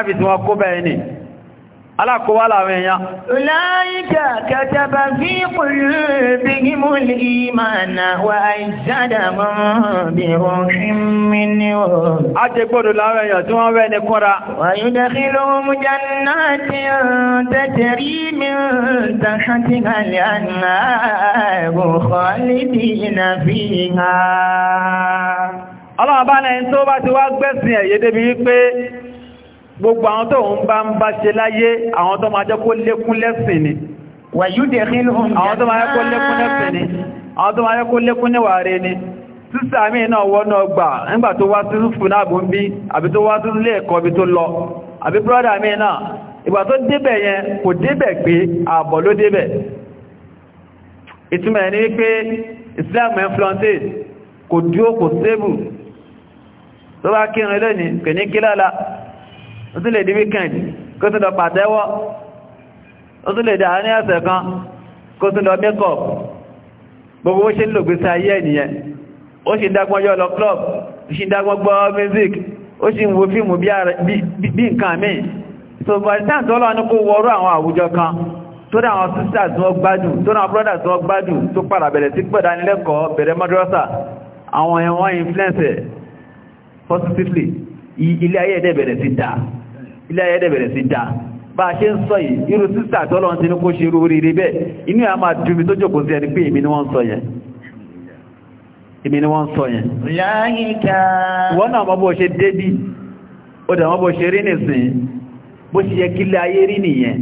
[SPEAKER 1] ábì tí wọ́n kó bẹ́ẹ̀ ni
[SPEAKER 2] alákòwà láwọn èèyàn. Láìka kàtàbà fi kùlù bí i mú ìmànà wà ìsádàmọ́ bí rọ̀ṣín mi ní o. A jẹ gbọ́dọ̀ láwọn èèyàn tí wọ́n wẹ́ ní kọ́ra. Wà yóò dákílò mú jẹ́nà tí ó tẹ́tẹ̀rí mi tàṣàtí kàlẹ̀ àná ẹ̀gbọ̀kọ́ lídìínà fi ha. Ọlọ́run bá náà tó bá ti wá gbẹ̀sìn ẹ̀yẹ́dẹ́bí wípé gbogbo àwọn
[SPEAKER 1] tó ń bá ń bá ṣe láyé àwọn tó máa jẹ́ kó lékún lẹ́sìn ni àwọn tó máa jẹ́ kó lékún lẹ́sìn ni àwọn tó máa jẹ́ kó lékún níwà rẹ̀ ni sísà mí náà wọ́nà gbà nígbà tó wá sí fúnàbùn bí àbí tó wá sí ilé ẹ̀kọ́ bí tó lọ àbí brọ́dà mí náà ìgbà tó débẹ̀ yẹn kò débẹ̀ pé ààbọ̀ ló débẹ̀ ìtumẹ̀ ní wípé Islam influence kò dúó kò sébù tó bá kírun lónìí kò ní kí lọ́la ó tún lè di weekend kó tún lọ pàtẹ́wọ́ ó tún lè di àárín ọ̀sẹ̀ kan kó tún lọ mẹ́kọ̀ gbogbo ó ṣe ń lògbèsè ayé ènìyàn ó ṣe dágbọ́n yọ lọ club ó ṣe dágbọ́n gbọ́ music ó ṣe ń wo fíìmù bí nǹkan míì so by the time tó lọ́nà kó wọ́rọ̀ àwọn àwùjọ kan tó dá àwọn sisters tí wọ́n gbádùn tó dá àwọn brothers tí wọ́n gbádùn tó padà bẹ̀rẹ̀ sí gbọ́dá nílẹ́kọ̀ọ́ bẹ̀rẹ̀ madrasa àwọn ẹ̀wọ̀n influence positively ilé ayé ẹ̀dẹ̀ bẹ̀rẹ̀ sí dáa ilé ayé dẹ̀ bẹ̀rẹ̀ sí dáa bá a ṣe ń sọ yìí irú sísà tọ́lọ́ ti ní kó ṣe rú oríire bẹ́ẹ̀ inú ẹ̀ máa dùn tó jòkó sí ẹni pé èmi ni wọ́n sọ yẹn èmi ni wọ́n sọ yẹn wọ́n náà mọ́ bó ṣe débì ó dẹ̀ mọ́ bó ṣe rí nìsín bó ṣe yẹ kílé ayé rí nìyẹn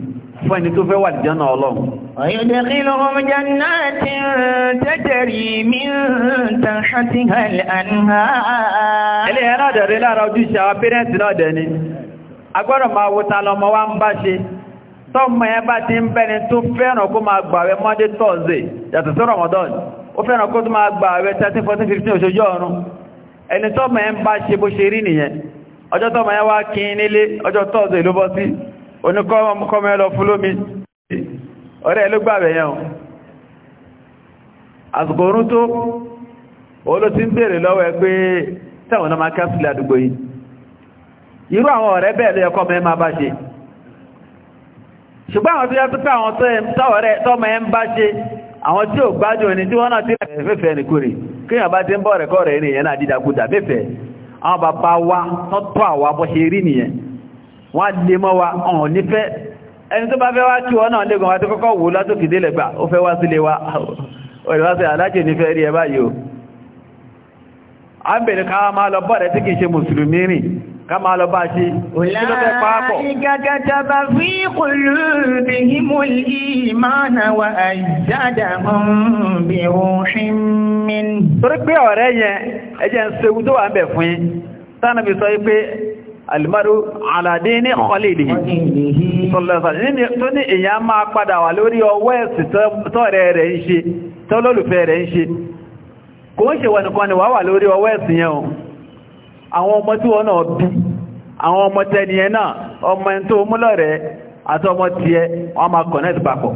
[SPEAKER 1] fún ẹni tó fẹ́ wà jẹ́nà ọlọ́run.
[SPEAKER 2] ويدخلهم جنات تجري من تحتها الأنهار agbọ́dọ̀ máa
[SPEAKER 1] wo ta lọmọ wa ń bá ṣe tọ́mọ yẹn bá ti ń bẹ́ni tó fẹ́ràn kó máa gbààwẹ̀ monday thursday yàtọ̀ sí ramadan ó fẹ́ràn kó tó máa gbààwẹ̀ 13 14 15 oṣoojú ọ̀run ẹni tọ́mọ yẹn bá ṣe bó ṣe rí nìyẹn ọjọ́ tọ́mọ yẹn wá kí nílé ọjọ́ thursday ló bọ́ sí oníkọ́mọ yẹn lọ fún lómi irú àwọn ọ̀rẹ́ bẹ́ẹ̀ ló yẹ kọ́ mẹ́ máa bá ṣe ṣùgbọ́n àwọn tó yẹ tó pé àwọn tọ́mọ ẹ ń bá ṣe àwọn tí ò gbájò ní tí wọ́n náà ti rẹ̀ fẹ́fẹ́ nìkúrì ń bọ́ rẹ̀kọ́ rẹ̀ ènìyàn náà dídàkúdà mẹ́fẹ́ wa tán tọ́ àwa bọ́ ṣe rí nìyẹn wọ́n lè mọ́ wa ọ̀hàn nífẹ́ ẹni tó bá fẹ́ wá kí wọ́n náà lẹ́gùn Kama máa lọ bá ṣe ìlọ́fẹ́ pàápọ̀.
[SPEAKER 2] ìgagagaba fi kòlù bí i mú ìmáàna wa àìjáda bí òṣìn min. torí pé ọ̀rẹ́ yẹn ẹjẹ́ ń
[SPEAKER 1] ṣe tó wà ń bẹ̀ fún yín tánàbí sọ pé alìmọ́rú aládé ní ọ̀lẹ́dì tó ní èyàn máa padà wà lórí ọwọ́ ẹ̀sì tọ́rẹ àwọn ọmọ tí wọ́n náà bí àwọn ọmọ tẹni ẹ náà ọmọ ẹni tó múlọ̀ rẹ̀ àti ọmọ tí ẹ wọ́n máa papọ̀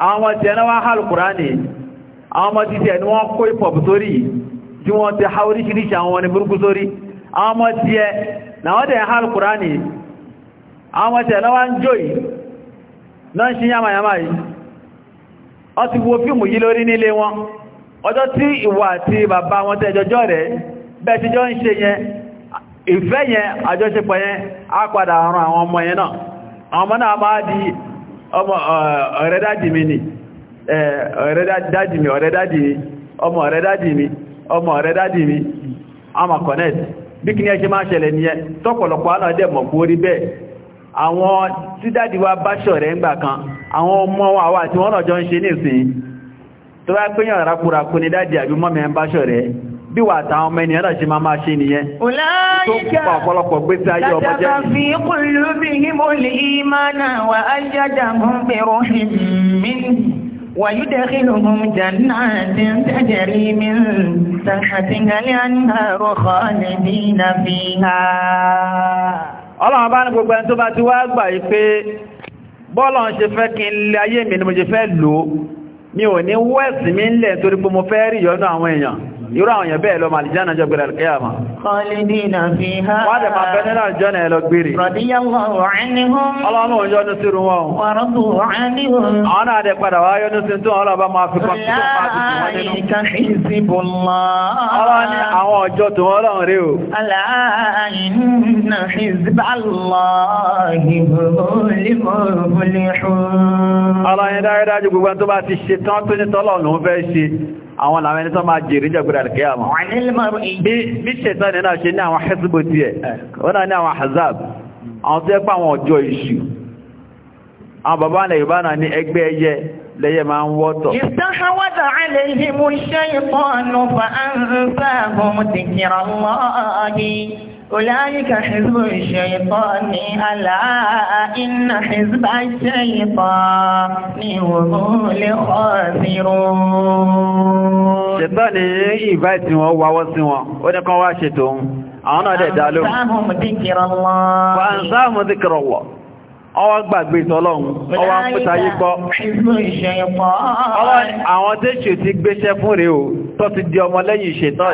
[SPEAKER 1] àwọn ọmọ tí ẹ náà wá àwọn ọmọ tí ẹ ni wọ́n kó hip-hop sórí tí wọ́n ti ha oríṣiríṣi àwọn ọmọ tí ẹ bẹ̀tíjọ́ ń ṣe yẹn ìfẹ́ yẹn àjọṣepọ̀ yẹn á padà ràn àwọn ọmọ yẹn náà àwọn ọmọ náà máa di ọmọ ọ̀rẹ́dájì mi ni ọ̀rẹ́dájì mi mi ọmọ ọ̀rẹ́dájì mi ọmọ ọ̀rẹ́dájì mi àmà connect bí kí ní ẹ máa ṣẹlẹ̀ nìyẹn tọ́pọ̀lọpọ̀ dẹ̀ mọ̀ kú orí bẹ́ẹ̀ àwọn tí wa ọmọ wa náà jọ ń ṣe nísìn tó bá bí wà táwọn ọmọ ènìyàn náà máa máa ṣe nìyẹn tó pa ọ̀pọ̀lọpọ̀ gbé sí ayé ọmọ jẹ́
[SPEAKER 2] ọlọ́run bá ní gbogbo ẹni tó bá
[SPEAKER 1] ti wá gbà yí pé bọ́ọ̀lọ́ ṣe fẹ́ kí n lè ayé mi ni mo ṣe fẹ́ lò mi ò ní wẹ́ẹ̀sì mi ń lẹ̀ torí pé fẹ́ rí ìyọ́nú àwọn èèyàn irú àwọn èèyàn bẹ́ẹ̀ lọ máa jẹ́nà jọ gbẹ̀rẹ̀ alkiyama
[SPEAKER 2] wọ́n dẹ̀ máa bẹ́ẹ̀ nínú jọ́nà ẹ̀lọ gbèrè
[SPEAKER 1] ọlọ́run yọ́nú sí irun wọn àwọn náà dẹ̀ padà wá yọ́nú sí tún
[SPEAKER 2] ọlọ́ba máa fi kọ́ àwọn ọjọ́ tó ọlọ́run rí o ọlọ́run dárídájú gbogbo tó bá ti ṣe
[SPEAKER 1] tán tó ní tọ́lọ̀ lòun fẹ́ ṣe àwọn làwọn ẹni tó máa jèrè jẹ́gbẹ̀rẹ̀ alkiyama bí ṣètọ́ ní náà ṣe ní àwọn hezbo tí ẹ̀ wọ́n náà ní àwọn hazab àwọn tó ẹ́ pà àwọn ọjọ́ ìṣù àwọn bàbá náà Yorùbá náà ní ẹgbẹ́ ẹyẹ lẹ́yẹ máa ń wọ́tọ̀.
[SPEAKER 2] ìsáháwádà aléhìmú iṣẹ́ ìpọ̀nù fa ń bá ọmọ tìkìrà ṣẹ̀tọ́ ni
[SPEAKER 1] ìbá ìtì wọn wáwọ́ sí wọn ó ní kan wá ṣètò àwọn náà dẹ̀ dá lóhùn.
[SPEAKER 2] fàǹsáàmù
[SPEAKER 1] dìkìrọ̀ lọ ọwọ́ gbàgbé tọ́lọ́run ọwọ́ pẹ́tayé gbọ́ àwọn tí ṣe ti gbéṣẹ́ fún rẹ̀ o tó ti di ọmọ lẹ́yìn ṣetán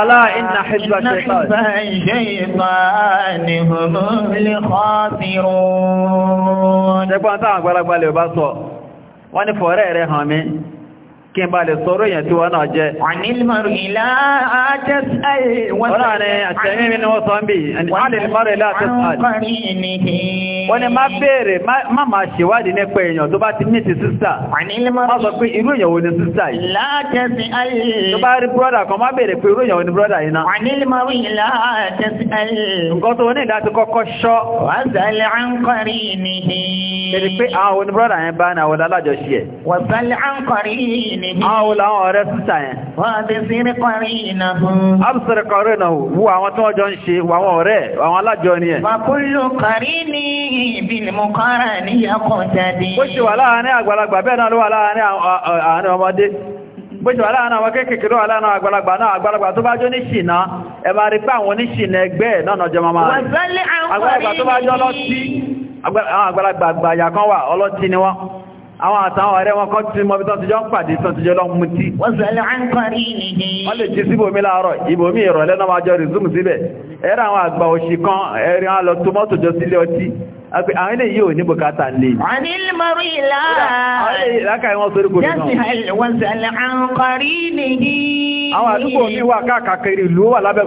[SPEAKER 2] Allah inna hizba shaytani humul
[SPEAKER 1] khasirun kí n bá lè sọ̀rọ̀ èèyàn tí wọ́n náà jẹ́.
[SPEAKER 2] Ànílmọ̀rù ìlà àtẹ́sàì wọ́n
[SPEAKER 1] ni má bèèrè má máa ṣèwádìí nípa èèyàn tó bá ti ní ti sísà. Má sọ ni sísà yìí. Látẹ́sì ayé. Tó bá rí búrọ́dà kan má bèèrè pé irú èèyàn wo ni búrọ́dà yìí náà. Ànílmọ̀rù ìlà àtẹ́sì ayé. Nǹkan tó ní
[SPEAKER 2] ìdáti kọ́kọ́ ṣọ́. Wàzàlẹ̀ àǹkọ̀rí nìyí.
[SPEAKER 1] Èrè pé àwọn
[SPEAKER 2] ní. Àwọn olàwọn ọ̀rẹ́ sísà yẹn. Wọ́n bí sírí kọrin ìnáhù.
[SPEAKER 1] Absir kọrin ìnáhù, wú àwọn tí wọ́n jọ ń ṣe, wà àwọn ọ̀rẹ́, àwọn alájọ ni ẹ̀. Wàkúlù
[SPEAKER 2] kọrin ní ìbìlìmù kọ́ra ní ọkọ̀ jáde. Bó ṣe wà láàárín àgbàlagbà bẹ́ẹ̀ náà ló wà láàárín
[SPEAKER 1] àwọn ọmọdé bóṣe wà láàrin àwọn kéèkéèrè wà láàrin àgbàlagbà náà àgbàlagbà tó bá jó ní ṣìná ẹ máa rí pé àwọn oníṣìná ẹgbẹ́ náà jẹ àwọn àtàwọn ọ̀rẹ́ wọn kọ́ tí mọ́bí tán ti jọ ń pàdé tán ti jọ lọ mú tí wọ́n lè jí síbòmí láàárọ̀ ìbòmí ìrọ̀lẹ́ náà máa jọ rí zoom síbẹ̀ ẹ̀rẹ́ àwọn àgbà òṣì kan ẹ̀rin àlọ tó mọ́tò jọ sílé ọtí àpẹ àwọn ilé yìí ní bùkátà lè àwọn
[SPEAKER 2] àdúgbò mi wà káàkiri
[SPEAKER 1] ìlú wà lábẹ́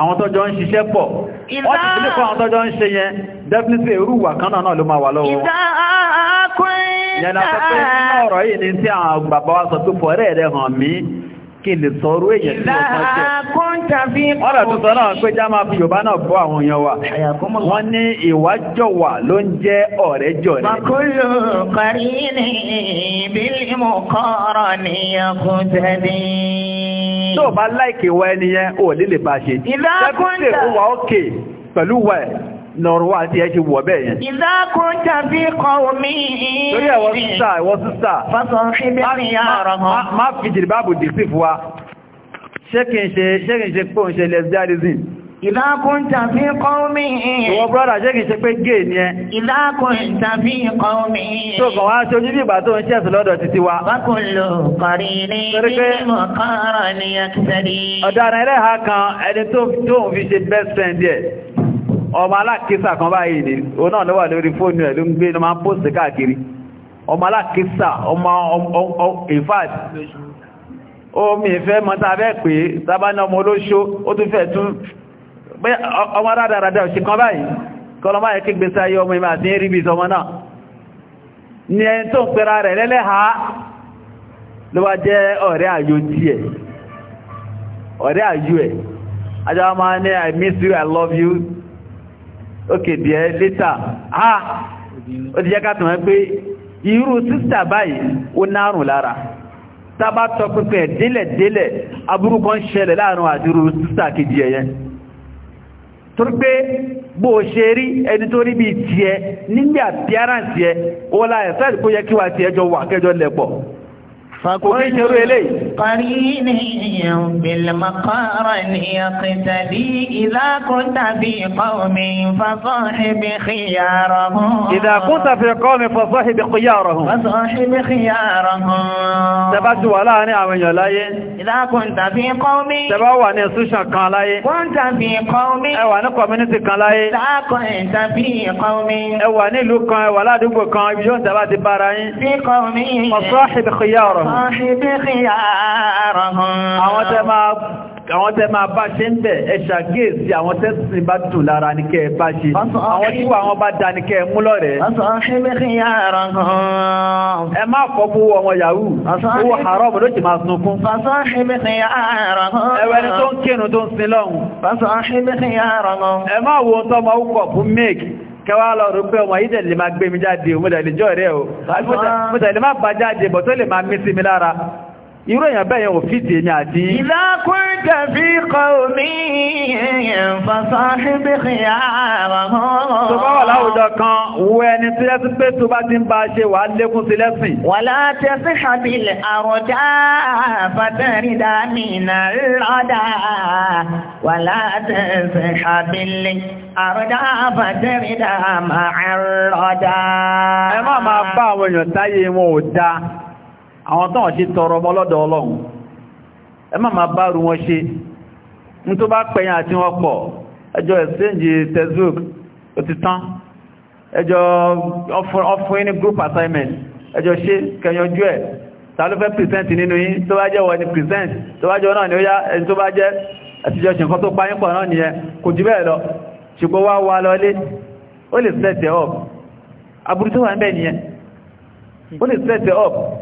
[SPEAKER 1] àwọn tọ́jọ ń ṣiṣẹ́ pọ̀
[SPEAKER 2] wọ́n ti fílé fún àwọn
[SPEAKER 1] tọ́jọ ń ṣe yẹn definitely irúwà kan náà ló máa wà lọ́wọ́ wọn kí lè sọrú èyàn tí wọ́n jẹ́. ọ̀rọ̀ tó sọ náà pé já máa fi Yorùbá náà bọ́ àwọn èèyàn wa wọ́n ní ìwájọ̀wà ló ń jẹ́ ọ̀rẹ́ jọ rẹ̀. wàkúlù
[SPEAKER 2] kọrin ní ìbílẹ̀ mọ̀kọ́rọ̀ ní ọkùnjẹ́ ní
[SPEAKER 1] tó bá láìkè wá ẹni yẹn ò lè lè bá ṣe
[SPEAKER 2] ìdákùnlẹ̀ ó
[SPEAKER 1] wà ókè pẹ̀lú wà ẹ̀ nọ̀rọ̀wà àti ẹ̀ ṣe wọ̀ bẹ́ẹ̀ yẹn.
[SPEAKER 2] ìdákùn tàbí kọ omi ìrìn. lórí ẹ̀wọ̀ sísà ẹ̀wọ̀ sísà. fásán ṣe bẹ́ẹ̀ ni àrọ̀ hàn.
[SPEAKER 1] má fi jìrìbáàbò dìsí fún wa ṣé kí n ṣe pé òun ṣe lesbianism
[SPEAKER 2] Ìdákùntà fi kọ́mí. Ìwọ brọ́dà ṣé kìí ṣe pé gé ní ẹ. Ìdákùntà fi kọ́mí.
[SPEAKER 1] Tó kàn wá ṣojú bí ìgbà tó ń ṣẹ̀sù lọ́dọ̀ títí wa.
[SPEAKER 2] Bákùnlò kọ̀rí ní mímọ̀ kọ́rọ̀ ní ẹ̀kẹ́sẹ̀rí. Ọ̀daràn ẹlẹ́ha kan ẹni
[SPEAKER 1] best friend yẹ. Ọmọ alákìísà ni, òun náà ló wà lórí fóònù ẹ̀ ló ń gbé ló máa ń pòsì káàkiri. Ọmọ alákìísà, ọmọ in fact, omi ìfẹ́ mọ́ta fẹ́ pé ọmọ rádaràdà òṣì kan báyìí kọlọmá yẹ kí gbèsè ayé ọmọ ìmọ̀ àti eríbi ìsọmọ náà ni ẹni tó ń pera rẹ̀ lẹ́lẹ́ha ló wá jẹ́ ọ̀rẹ́ àyò díẹ̀ ọ̀rẹ́ àyò ẹ̀ ajá máa ní i miss you i love you okay dear later ah ó ti jẹ́ ká tàn pé irú sísà báyìí ó nárùn lára tábà tọpinpin ẹ̀ délẹ̀délẹ̀ aburú kan ṣẹlẹ̀ láàrin àdúrú sísà kejì ẹ̀yẹn torí pé bó o ṣe rí ẹni tó rí bí tiẹ̀ nígbà appearance tiẹ̀ ó láyẹ̀ sáàdì kó yẹ kí wà tiẹ̀ jọ wà kẹjọ lẹ̀pọ̀ فاكو
[SPEAKER 2] قرينه بالمقارن يقتدي إذا كنت في قوم فصاحب خيارهم
[SPEAKER 1] إذا كنت في قوم فصاحب خيارهم
[SPEAKER 2] فصاحب خيارهم تبعت ولا نعم أمن يلاي إذا كنت في قوم تبعوا أنا سوشا كالاي كنت في قوم أو أنا كومنتي كالاي إذا كنت في قوم أو أنا
[SPEAKER 1] لو ولا دوكا كان يجون تبعت باراي في قوم فصاحب خيارهم صاحب خيارهم àwọn tẹ́ máa àwọn tẹ́ máa bá ṣe ń bẹ̀ ẹ ṣàkíyèsí àwọn tẹ́ sì bá dùn lára ní kẹ́ ẹ bá ṣe àwọn tí wà wọn bá da ní kẹ́ ẹ mú lọ́rẹ̀ ẹ má fọ́ bú ọmọ yahoo owó haram ló ti máa sunkún ẹwẹ́ ni tó ń kírun tó ń sin lọ́hùn ẹ má wo tọ́mọ ó kọ̀ fún méèkì kẹwàá lọ rò pé ọmọ ìdẹ̀ lè máa gbé mi jáde òmúdẹ̀ lè jọ́ rẹ̀ o mọ́tẹ̀ lè má bá jáde bọ̀ tó lè máa mí sí mi lára
[SPEAKER 2] irú èyàn bẹ́yẹ̀ òfíìtì èmi àti ìlàkúntà fi kọ omi fàṣáhìbìkìyà tó bá wà láwùjọ kan wo
[SPEAKER 1] ẹni tí lẹ́sí pé tó bá ti ń bá ṣe wà lékún sí lẹ́sìn wà
[SPEAKER 2] láti ẹsí ṣàbílẹ̀ àrọ̀dá fàtẹ́rìdá máa bá àwọn èèyàn
[SPEAKER 1] táyé wọn ò dáa
[SPEAKER 2] àwọn tán ṣe tọrọ
[SPEAKER 1] ọmọ lọ́dọ̀ ọlọ́run ẹ má ma bá rú wọn ṣe ní tó bá pẹ̀yìn àti wọn pọ̀ ẹjọ́ exchange textbook ó ti tán ẹjọ́ ọfún group assignment ẹjọ́ ṣe kẹyànjú ẹ̀ ta ló fẹ́ present nínú yín tó bá jẹ́ wọ́n ni present tó bá jẹ́ náà ni ó yá ẹni tó bá jẹ́ ẹtìjọ́ ṣe wa lọlé ó up aburú tó wà ń up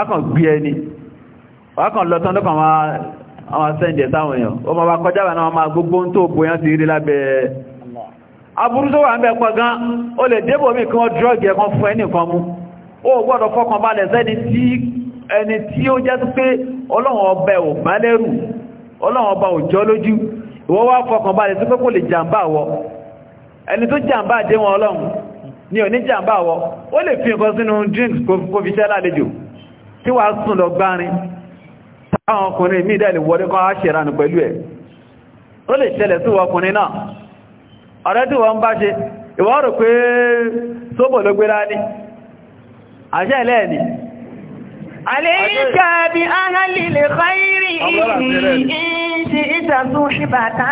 [SPEAKER 1] akàn gbé ẹni wákàn lọ́tán lọ́kàn àwọn asẹ́ǹdẹ̀ sáwọn èèyàn o máa kọjá wà náà máa gbogbo tó bóyán ti rí lábẹ́ aburú tó wà ń bẹ pọ̀ gan o lè débò mí kí wọ́n drọ́gì ẹ̀kan fún ẹni kan mú o gbọ́dọ̀ fọkàn balẹ̀ sẹ́ni tí ẹni tí ó jẹ́ pé ọlọ́run ọbẹ̀ ò bá lẹ́rù ọlọ́run ọba ò jọ lójú ìwọ wá fọkàn balẹ̀ sí pé kò lè jàǹbá wọ ẹni tó jàǹbá dé wọn ọlọ́run ni ò ní jàǹbá wọ ó lè fi nǹkan sínú drinks kó fi ṣẹ́ lálejò tí wàá sùn lọ gbárin táwọn ọkùnrin míì dẹ̀ lè wọlé kan á ṣèrànù pẹ̀lú ẹ̀ ó lè ṣẹlẹ̀ sí ọkùnrin náà ọ̀rẹ́ tí wọ́n bá ṣe ìwọ́n rò pé sóbò ló gbé láni àṣẹ́ ilẹ̀
[SPEAKER 2] Àléríkà bí áhàlì lè fáírì ìṣe ìtàzú ṣìbàtà.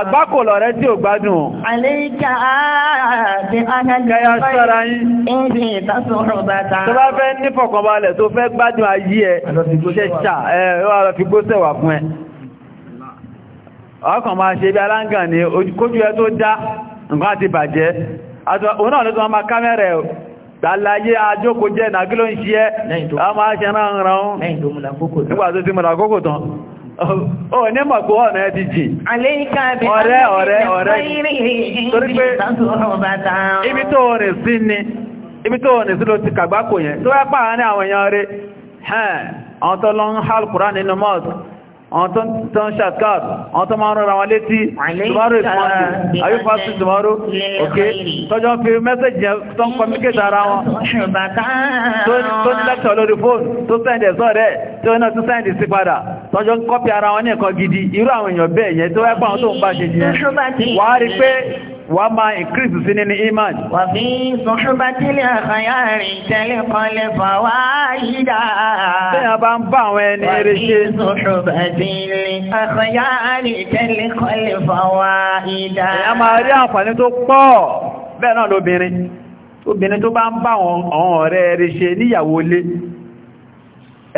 [SPEAKER 2] Àgbákò lọ̀rẹ́ tí ò gbádùn. Àléríkà bí áhàlì lè fáírì ìṣe
[SPEAKER 1] ìtàzú Tó Ọkàn máa ṣe bí aláǹgàn ni kójú ẹ tó dá nǹkan àti bàjẹ́. Àtọ̀ òun náà ló máa kámẹ́rẹ̀ Tàlàyé àjókò jẹ́ ìnà ló ń ṣe ẹ́, a máa ṣe náà ń ràn Nígbà tó ti mọ̀lá kókò tán. Ó ní mọ̀ ọ̀nà ẹ ti jì.
[SPEAKER 2] Ọ̀rẹ́ ọ̀rẹ́ ọ̀rẹ́. Torí
[SPEAKER 1] pé ibi tó ọrụ ibi àwọn tó ń ṣàtkáàt àwọn tó máa rọra wọn létí tomorrow is Monday are you fasting tomorrow okay tọ́jọ́ fi mẹ́sẹ̀jì tó ń communicate ara wọn tó ní lẹ́kṣọ̀ lórí fóòn tó sẹ́ndì ẹ̀sọ́ rẹ̀ tó iná tó sẹ́ndì sí padà tọ́jọ́ ń kọ́pì ara wọn ní ẹ̀kọ́ gidi irú àwọn èèyàn bẹ́ẹ̀ yẹn tó wáyé pàwọn tó ń bá ṣe jẹ́ wà á rí pé wà máa
[SPEAKER 2] increase sí nínú iman. wà fi sọ́ṣùbátílẹ̀ àkàyàrí tẹ́lẹ̀ kọlẹ̀ fàwà ìdá. tí a bá ń bá àwọn ẹni eré ṣe. wà fi sọ́ṣùbátílẹ̀ àkàyàrí tẹ́lẹ̀ kọlẹ̀ fàwà ìdá. èyàn máa rí àǹfààní tó
[SPEAKER 1] pọ̀ bẹ́ẹ̀ náà lóbìnrin obìnrin tó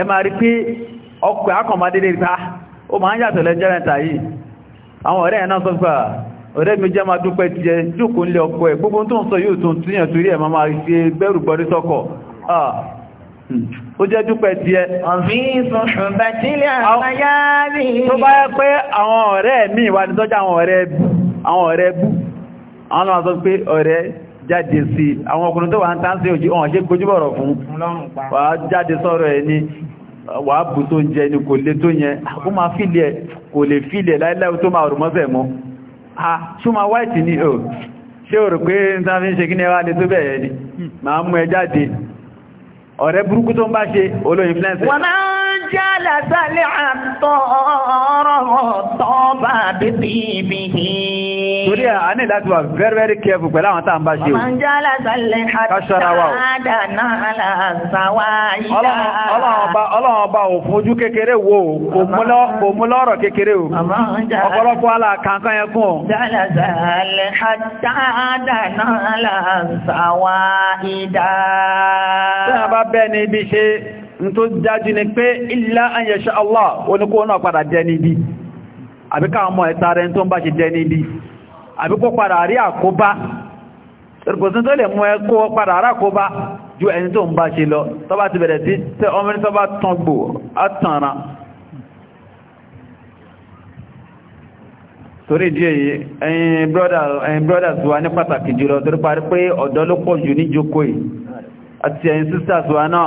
[SPEAKER 1] ẹ máa rí pé ọkọ̀ akọ̀mọdé lè ta ah, ó máa ń yàtọ̀ lẹ́jẹ́rẹ̀ta yìí àwọn ọ̀rẹ́ ẹ̀ náà sọ́fà ọ̀rẹ́ mi jẹ́ máa dúpẹ́ ti jẹ jókòó nílé ọkọ ẹ̀ gbogbo tó ń sọ yóò tún túnyàn torí ẹ̀ máa ṣe bẹ́rù gbọ́rí sọ́kọ̀ hmm, ó jẹ́ dúpẹ́ ti ẹ
[SPEAKER 2] tó bá yẹ pé àwọn
[SPEAKER 1] àwọn ọ̀rẹ́ wà ń bù tó ń jẹ ní kò lè tó yẹn kò lè fílẹ̀ láìláì tó máa rùmọ́sẹ̀ mọ́ ha ṣúma white ni o ṣe o rò pé n ń ṣe kí ní ẹwà ma mú ẹ jáde ọ̀rẹ́ burúkú tó ń bá ṣe
[SPEAKER 2] جالس العطار طابا بطيبه torí ẹ̀
[SPEAKER 1] a ní láti very very careful pẹ̀lú àwọn tàbí ṣe
[SPEAKER 2] o káṣọ́ra wà o ọlọ́run
[SPEAKER 1] ọba ò fojú kékeré wo o mú lọ́rọ̀
[SPEAKER 2] kékeré o ọ̀pọ̀lọpọ̀ alákankan yẹn kún o tí a bá bẹ́ẹ̀ ní
[SPEAKER 1] ibi ṣe tó dájú ni pé illa an Allah oníkó náà padà jẹ níbi àbí káàmọ́ ẹ̀ta rẹ̀ tó ń bá ṣe jẹ níbi àbí kó padà rí àkóbá ìrùkùsùn tó lè mú ẹ kó padà rí àkóbá ju ẹni tó ń bá ṣe lọ tó bá ti bẹ̀rẹ̀ sí tẹ́ ọmọ ní tó bá tán gbò átànràn sisters wa náà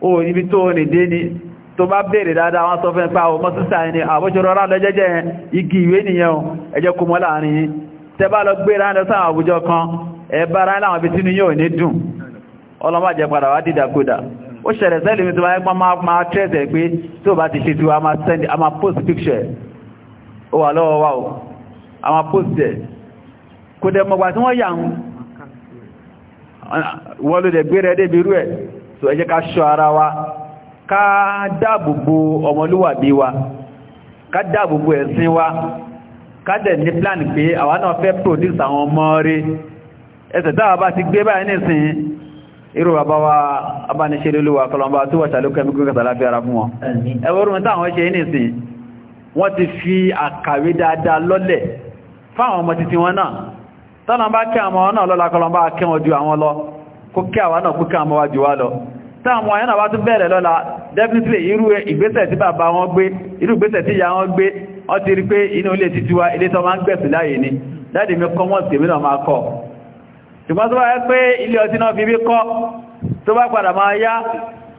[SPEAKER 1] ó níbi tó lè dé ní tó bá bèèrè dáadáa wọ́n sọ fẹ́ pa ah, ọmọ sísà ẹni àbójúrò ah, rá lọ jẹ́jẹ́ igi ìwé nìyẹn ẹjẹ́ kó mọ́ láàrin yìí tẹ́ bá lọ gbéra lọ sáwọn àwùjọ kan ẹ̀bára láwọn ibi tínú yóò ní dùn ọlọ́mọ́jẹ padà wá dìdàkúdà ó ṣẹlẹ̀ picture ó wà lọ́wọ́ wá o a máa post ẹ̀ kò dẹ̀ mọ̀gbà so ẹ jẹ́ ká ṣọ́ ara wa ká dáàbòbò ọmọlúwàbí wa ká dáàbòbò ẹ̀sìn wa ká dẹ̀ ní plan pé àwa náà fẹ́ produce àwọn ọmọ rí ẹsẹ̀ táwa bá ti gbé báyìí nísìnyí irú bàbá wa abániṣẹ́lélúwà kọlọmbà tó wà ṣàlókẹ́ mẹ́gbẹ́ kàtàlá kó kí àwọn náà kú káàmọ́ wájú wá lọ táàmù àyánà wá tún bẹ̀rẹ̀ lọ́la definitely irú ìgbésẹ̀ tí bàbá wọn gbé irú ìgbésẹ̀ tí ìyá wọn gbé wọ́n ti rí pé inú ilé títí wa ilé tó máa ń gbẹ̀sù láyé ni láti mi kọ́ wọ́n tèmi náà kọ́ ṣùgbọ́n tó bá yẹ pé ilé ọtí náà fi bí kọ́ tó bá padà máa yá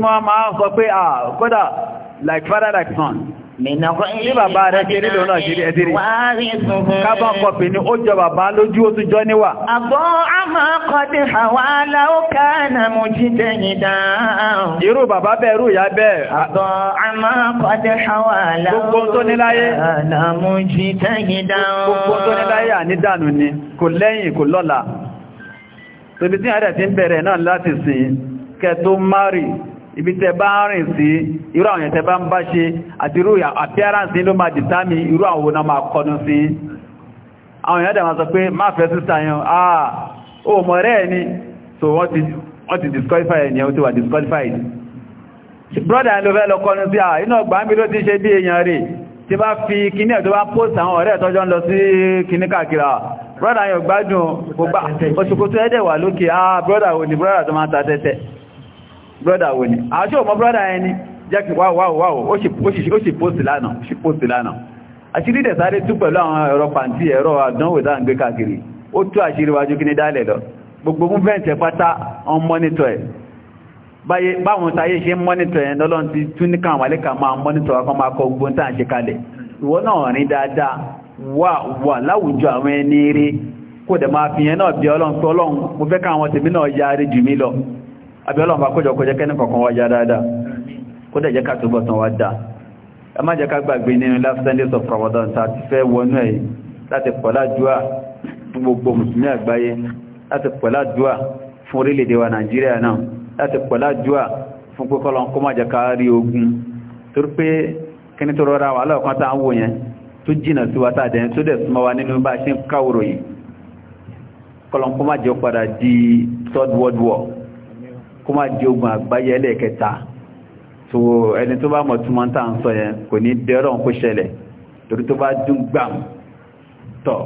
[SPEAKER 1] máa máa sọ pé à kódà like father like son ní bàbá rẹ̀ ṣe nílò náà ṣe ẹ̀dìrí carbon copy ni ó jọ bàbá lójú ó tún jọ níwà
[SPEAKER 2] àbọ́ àmọ́ kọ́dí àwọn aláwọ́ká náà mú jíjẹ́ ìdá irú bàbá bẹ́ẹ̀ irú ìyá bẹ́ẹ̀ àbọ́ àmọ́ kọ́dí àwọn aláwọ́ká náà mú jíjẹ́ ìdá gbogbo tó níláyé ànídànù
[SPEAKER 1] ibi tẹ bá rìn sí irú àwọn yẹn tẹ bá ń ṣe àti irú appearance ló máa dìtámì irú àwọn òun náà sí àwọn èèyàn dàmà sọ pé má fẹ́ sísà yàn àà ó ah, mọ̀ rẹ̀ ni so wọ́n ti disqualify ẹni ó ti wà disqualified brother ló fẹ́ lọ sí àà ah, inú ọgbà mi ló ti ṣe bí èèyàn tí fi kíní ẹ̀ tó bá post àwọn ọ̀rẹ́ tọ́jọ́ ń lọ sí kíní káàkiri ah, brother yóò gbádùn wà lókè brother ò ní brother brọ́dà wo ni àṣọ ọmọ brọ́dà yẹn ni jẹ́ kí wáwọ̀ wáwọ̀ ó sì pósì lánàá sì pósì lánàá àṣírí dẹ̀ sáré tú pẹ̀lú àwọn ẹ̀rọ pàǹtí ẹ̀rọ àdánwò dáa ń gbé káàkiri ó tú àṣírí wájú ní dálẹ̀ lọ on monitor ẹ̀ báwọn táyé ṣe ń monitor ẹ̀ lọ́lọ́n ti tún ní káwọn àlékà máa monitor akọ́ máa kọ gbogbo tá à ń ṣe kalẹ̀ ìwọ náà rìn dáadáa wà wà láwùjọ àwọn ẹni eré abẹ́lọ́wọ́n bá kójọ kójẹ́ kẹ́ni kọ̀kan wájá dáadáa kó dẹ̀ jẹ́ ká túbọ̀ tán wá ẹ má jẹ́ ká gbàgbé nínú last sundays of Ramadan tàbí fẹ́ wọnú ẹ̀ láti pọ̀lá dúà fún gbogbo mùsùlùmí àgbáyé láti pọ̀lá dúà fún orílẹ̀-èdè wa Nàìjíríà náà láti pọ̀lá dúà fún pẹ́kọ́lọ́n kó má jẹ́ ká rí ogun torí pé kíní tó rọra wà lọ́ọ̀kan tá à ń wò yẹn tó jìnà sí wa tá a tó dẹ̀ súnmọ́ wa nínú bá a ṣe ń káwòrò yìí kọ́lọ́n má jẹ́ padà di third world war kó má di ogun àgbáyé ẹlẹ́ẹ̀kẹta tó ẹni tó bá mọ̀ túnmọ́ tá ń sọ yẹn kò ní dẹ́rọ̀ kó ṣẹlẹ̀ torí tó bá dún gbàm tọ̀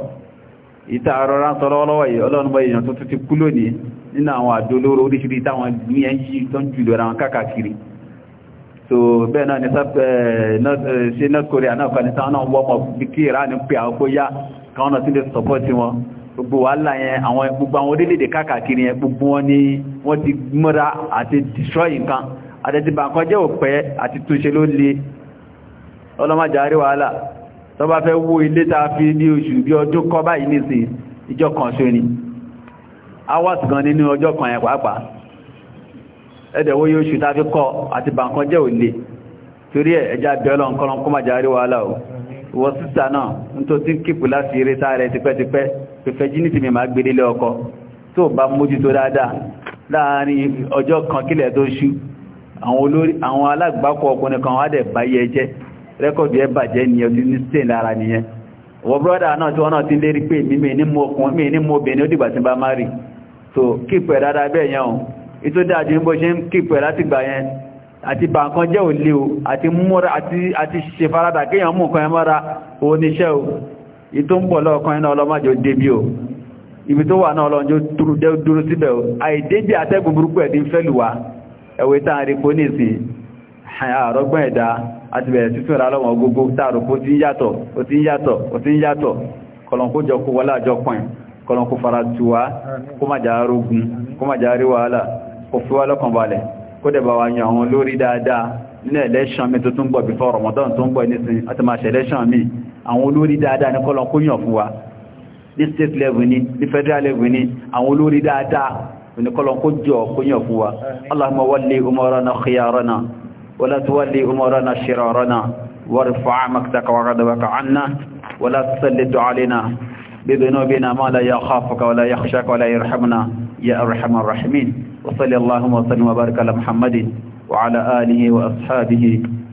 [SPEAKER 1] ìta rọra ń yìí ọlọ́run èèyàn tó tún ti kú lónìí nínú àwọn àdó olóró oríṣiríṣi táwọn ní yí tó ń jùlọ ra káàkiri so bẹ́ẹ̀ náà ni eh, eh, ṣe north korea náà kan ní sáwọn náà wọ́pọ̀ bí kí ìrá ní pé àwọn kó yá káwọn náà ti lè sọ́pọ̀ tí wọn gbogbo wàhálà yẹn àwọn gbogbo àwọn orílẹ̀-èdè káàkiri yẹn gbogbo wọn ni wọ́n ti múra àti destroy nǹkan àtẹ̀tìbà kan jẹ́ òpẹ́ àti túnṣe ló le ọlọ́májàárí wàhálà tó bá fẹ́ wó ilé ta fi ní oṣù bí ọdún kọ́ báyìí nìsìn ìjọ kan ṣo ni hours gan nínú ọjọ́ kan yẹn pàápàá ẹ̀dẹ̀wó yóò ṣù ta fi kọ́ àti bàǹkan jẹ́ òle torí ẹ̀ ẹja bẹ́ ọlọ́nkọ́lọ́n kọ́májàárí wàhálà ò wọ́n sísà náà ń tó tí ń kìpù láti eré sáré tipẹ́tipẹ́ pé fẹ́jínítì mi máa gbélé ọkọ tó bá mójútó dáadáa láàárín ọjọ́ kan kílẹ̀ tó ṣú àwọn alágbàkọ̀ ọkùnrin kan wádẹ̀ báyẹ jẹ́ rẹ́kọ̀dù ẹ bàjẹ́ ni ọdún ní stain lára nìyẹn wọ brọ́dà náà tí wọ́n náà ti lérí pé mímẹ̀ ní mú ọkùn mímẹ̀ ní mú obìnrin ó dìgbà tí bá má rí so kípẹ̀ rárá bẹ́ẹ̀ yẹn ohun ìtó dájú ń bó ṣe ń kípẹ̀ láti gbà yẹn àti bàǹkan jẹ́ ò lé o ìtò ń bọ̀ lọ́ọ̀kan iná ọlọ́májò débí o ibi tó wà náà lọ́njọ́ dúró síbẹ̀ o àìdébí àtẹ́gùn burúkú ẹ̀dí ń fẹ́lùwà ẹ̀wẹ̀ tàà rí pó ní ìsìn àrọ́gbọ́n ẹ̀dá àti bẹ̀rẹ̀ sí fẹ́ra lọ́wọ́ gbogbo tààrù kó ti ń yàtọ̀ ó ti ń yàtọ̀ ó ti ń yàtọ̀ kọlọ̀kó jọ kó wọlé àjọ pọ̀n kọlọ̀kó àwọn olórí dáadáa ní kọ́lọ̀ kó yàn fún wa ní state level ni ní federal level ni àwọn olórí dáadáa ní kọ́lọ̀ kó jọ kó yàn fún wa allahumma walli umarana khiyarana wala tuwalli umarana shirarana warfa maktaka wa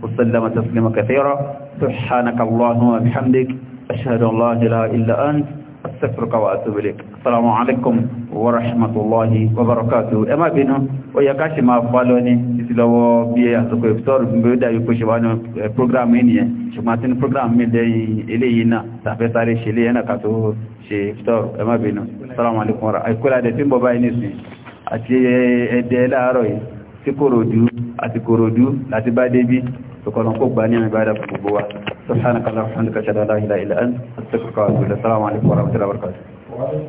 [SPEAKER 1] وسلم تسليما كثيرا سبحانك اللهم وبحمدك أشهد أن لا إله إلا أنت أستغفرك وأتوب إليك السلام عليكم ورحمة الله وبركاته أما بينه ويا ما فالوني تسلوا بي أسوكو إفتور بيودا يكوشي وانو بروغرام إني شماتين بروغرام ميدي إلينا تفساري شلي أنا كاتو شي إفتور أما بينه السلام عليكم ورحمة الله كل هذا تيم بابا إنسي أتي إدي لا أروي تكورودو أتكورودو لا تبادي بي sọkọ̀nà kó gbà ní ìbádà gbogbo wa subhanaka allahumma wa bihamdika ashhadu an la ilaha illa anta astaghfiruka wa atubu ilayk assalamu alaikum wa rahmatullahi wa barakatuh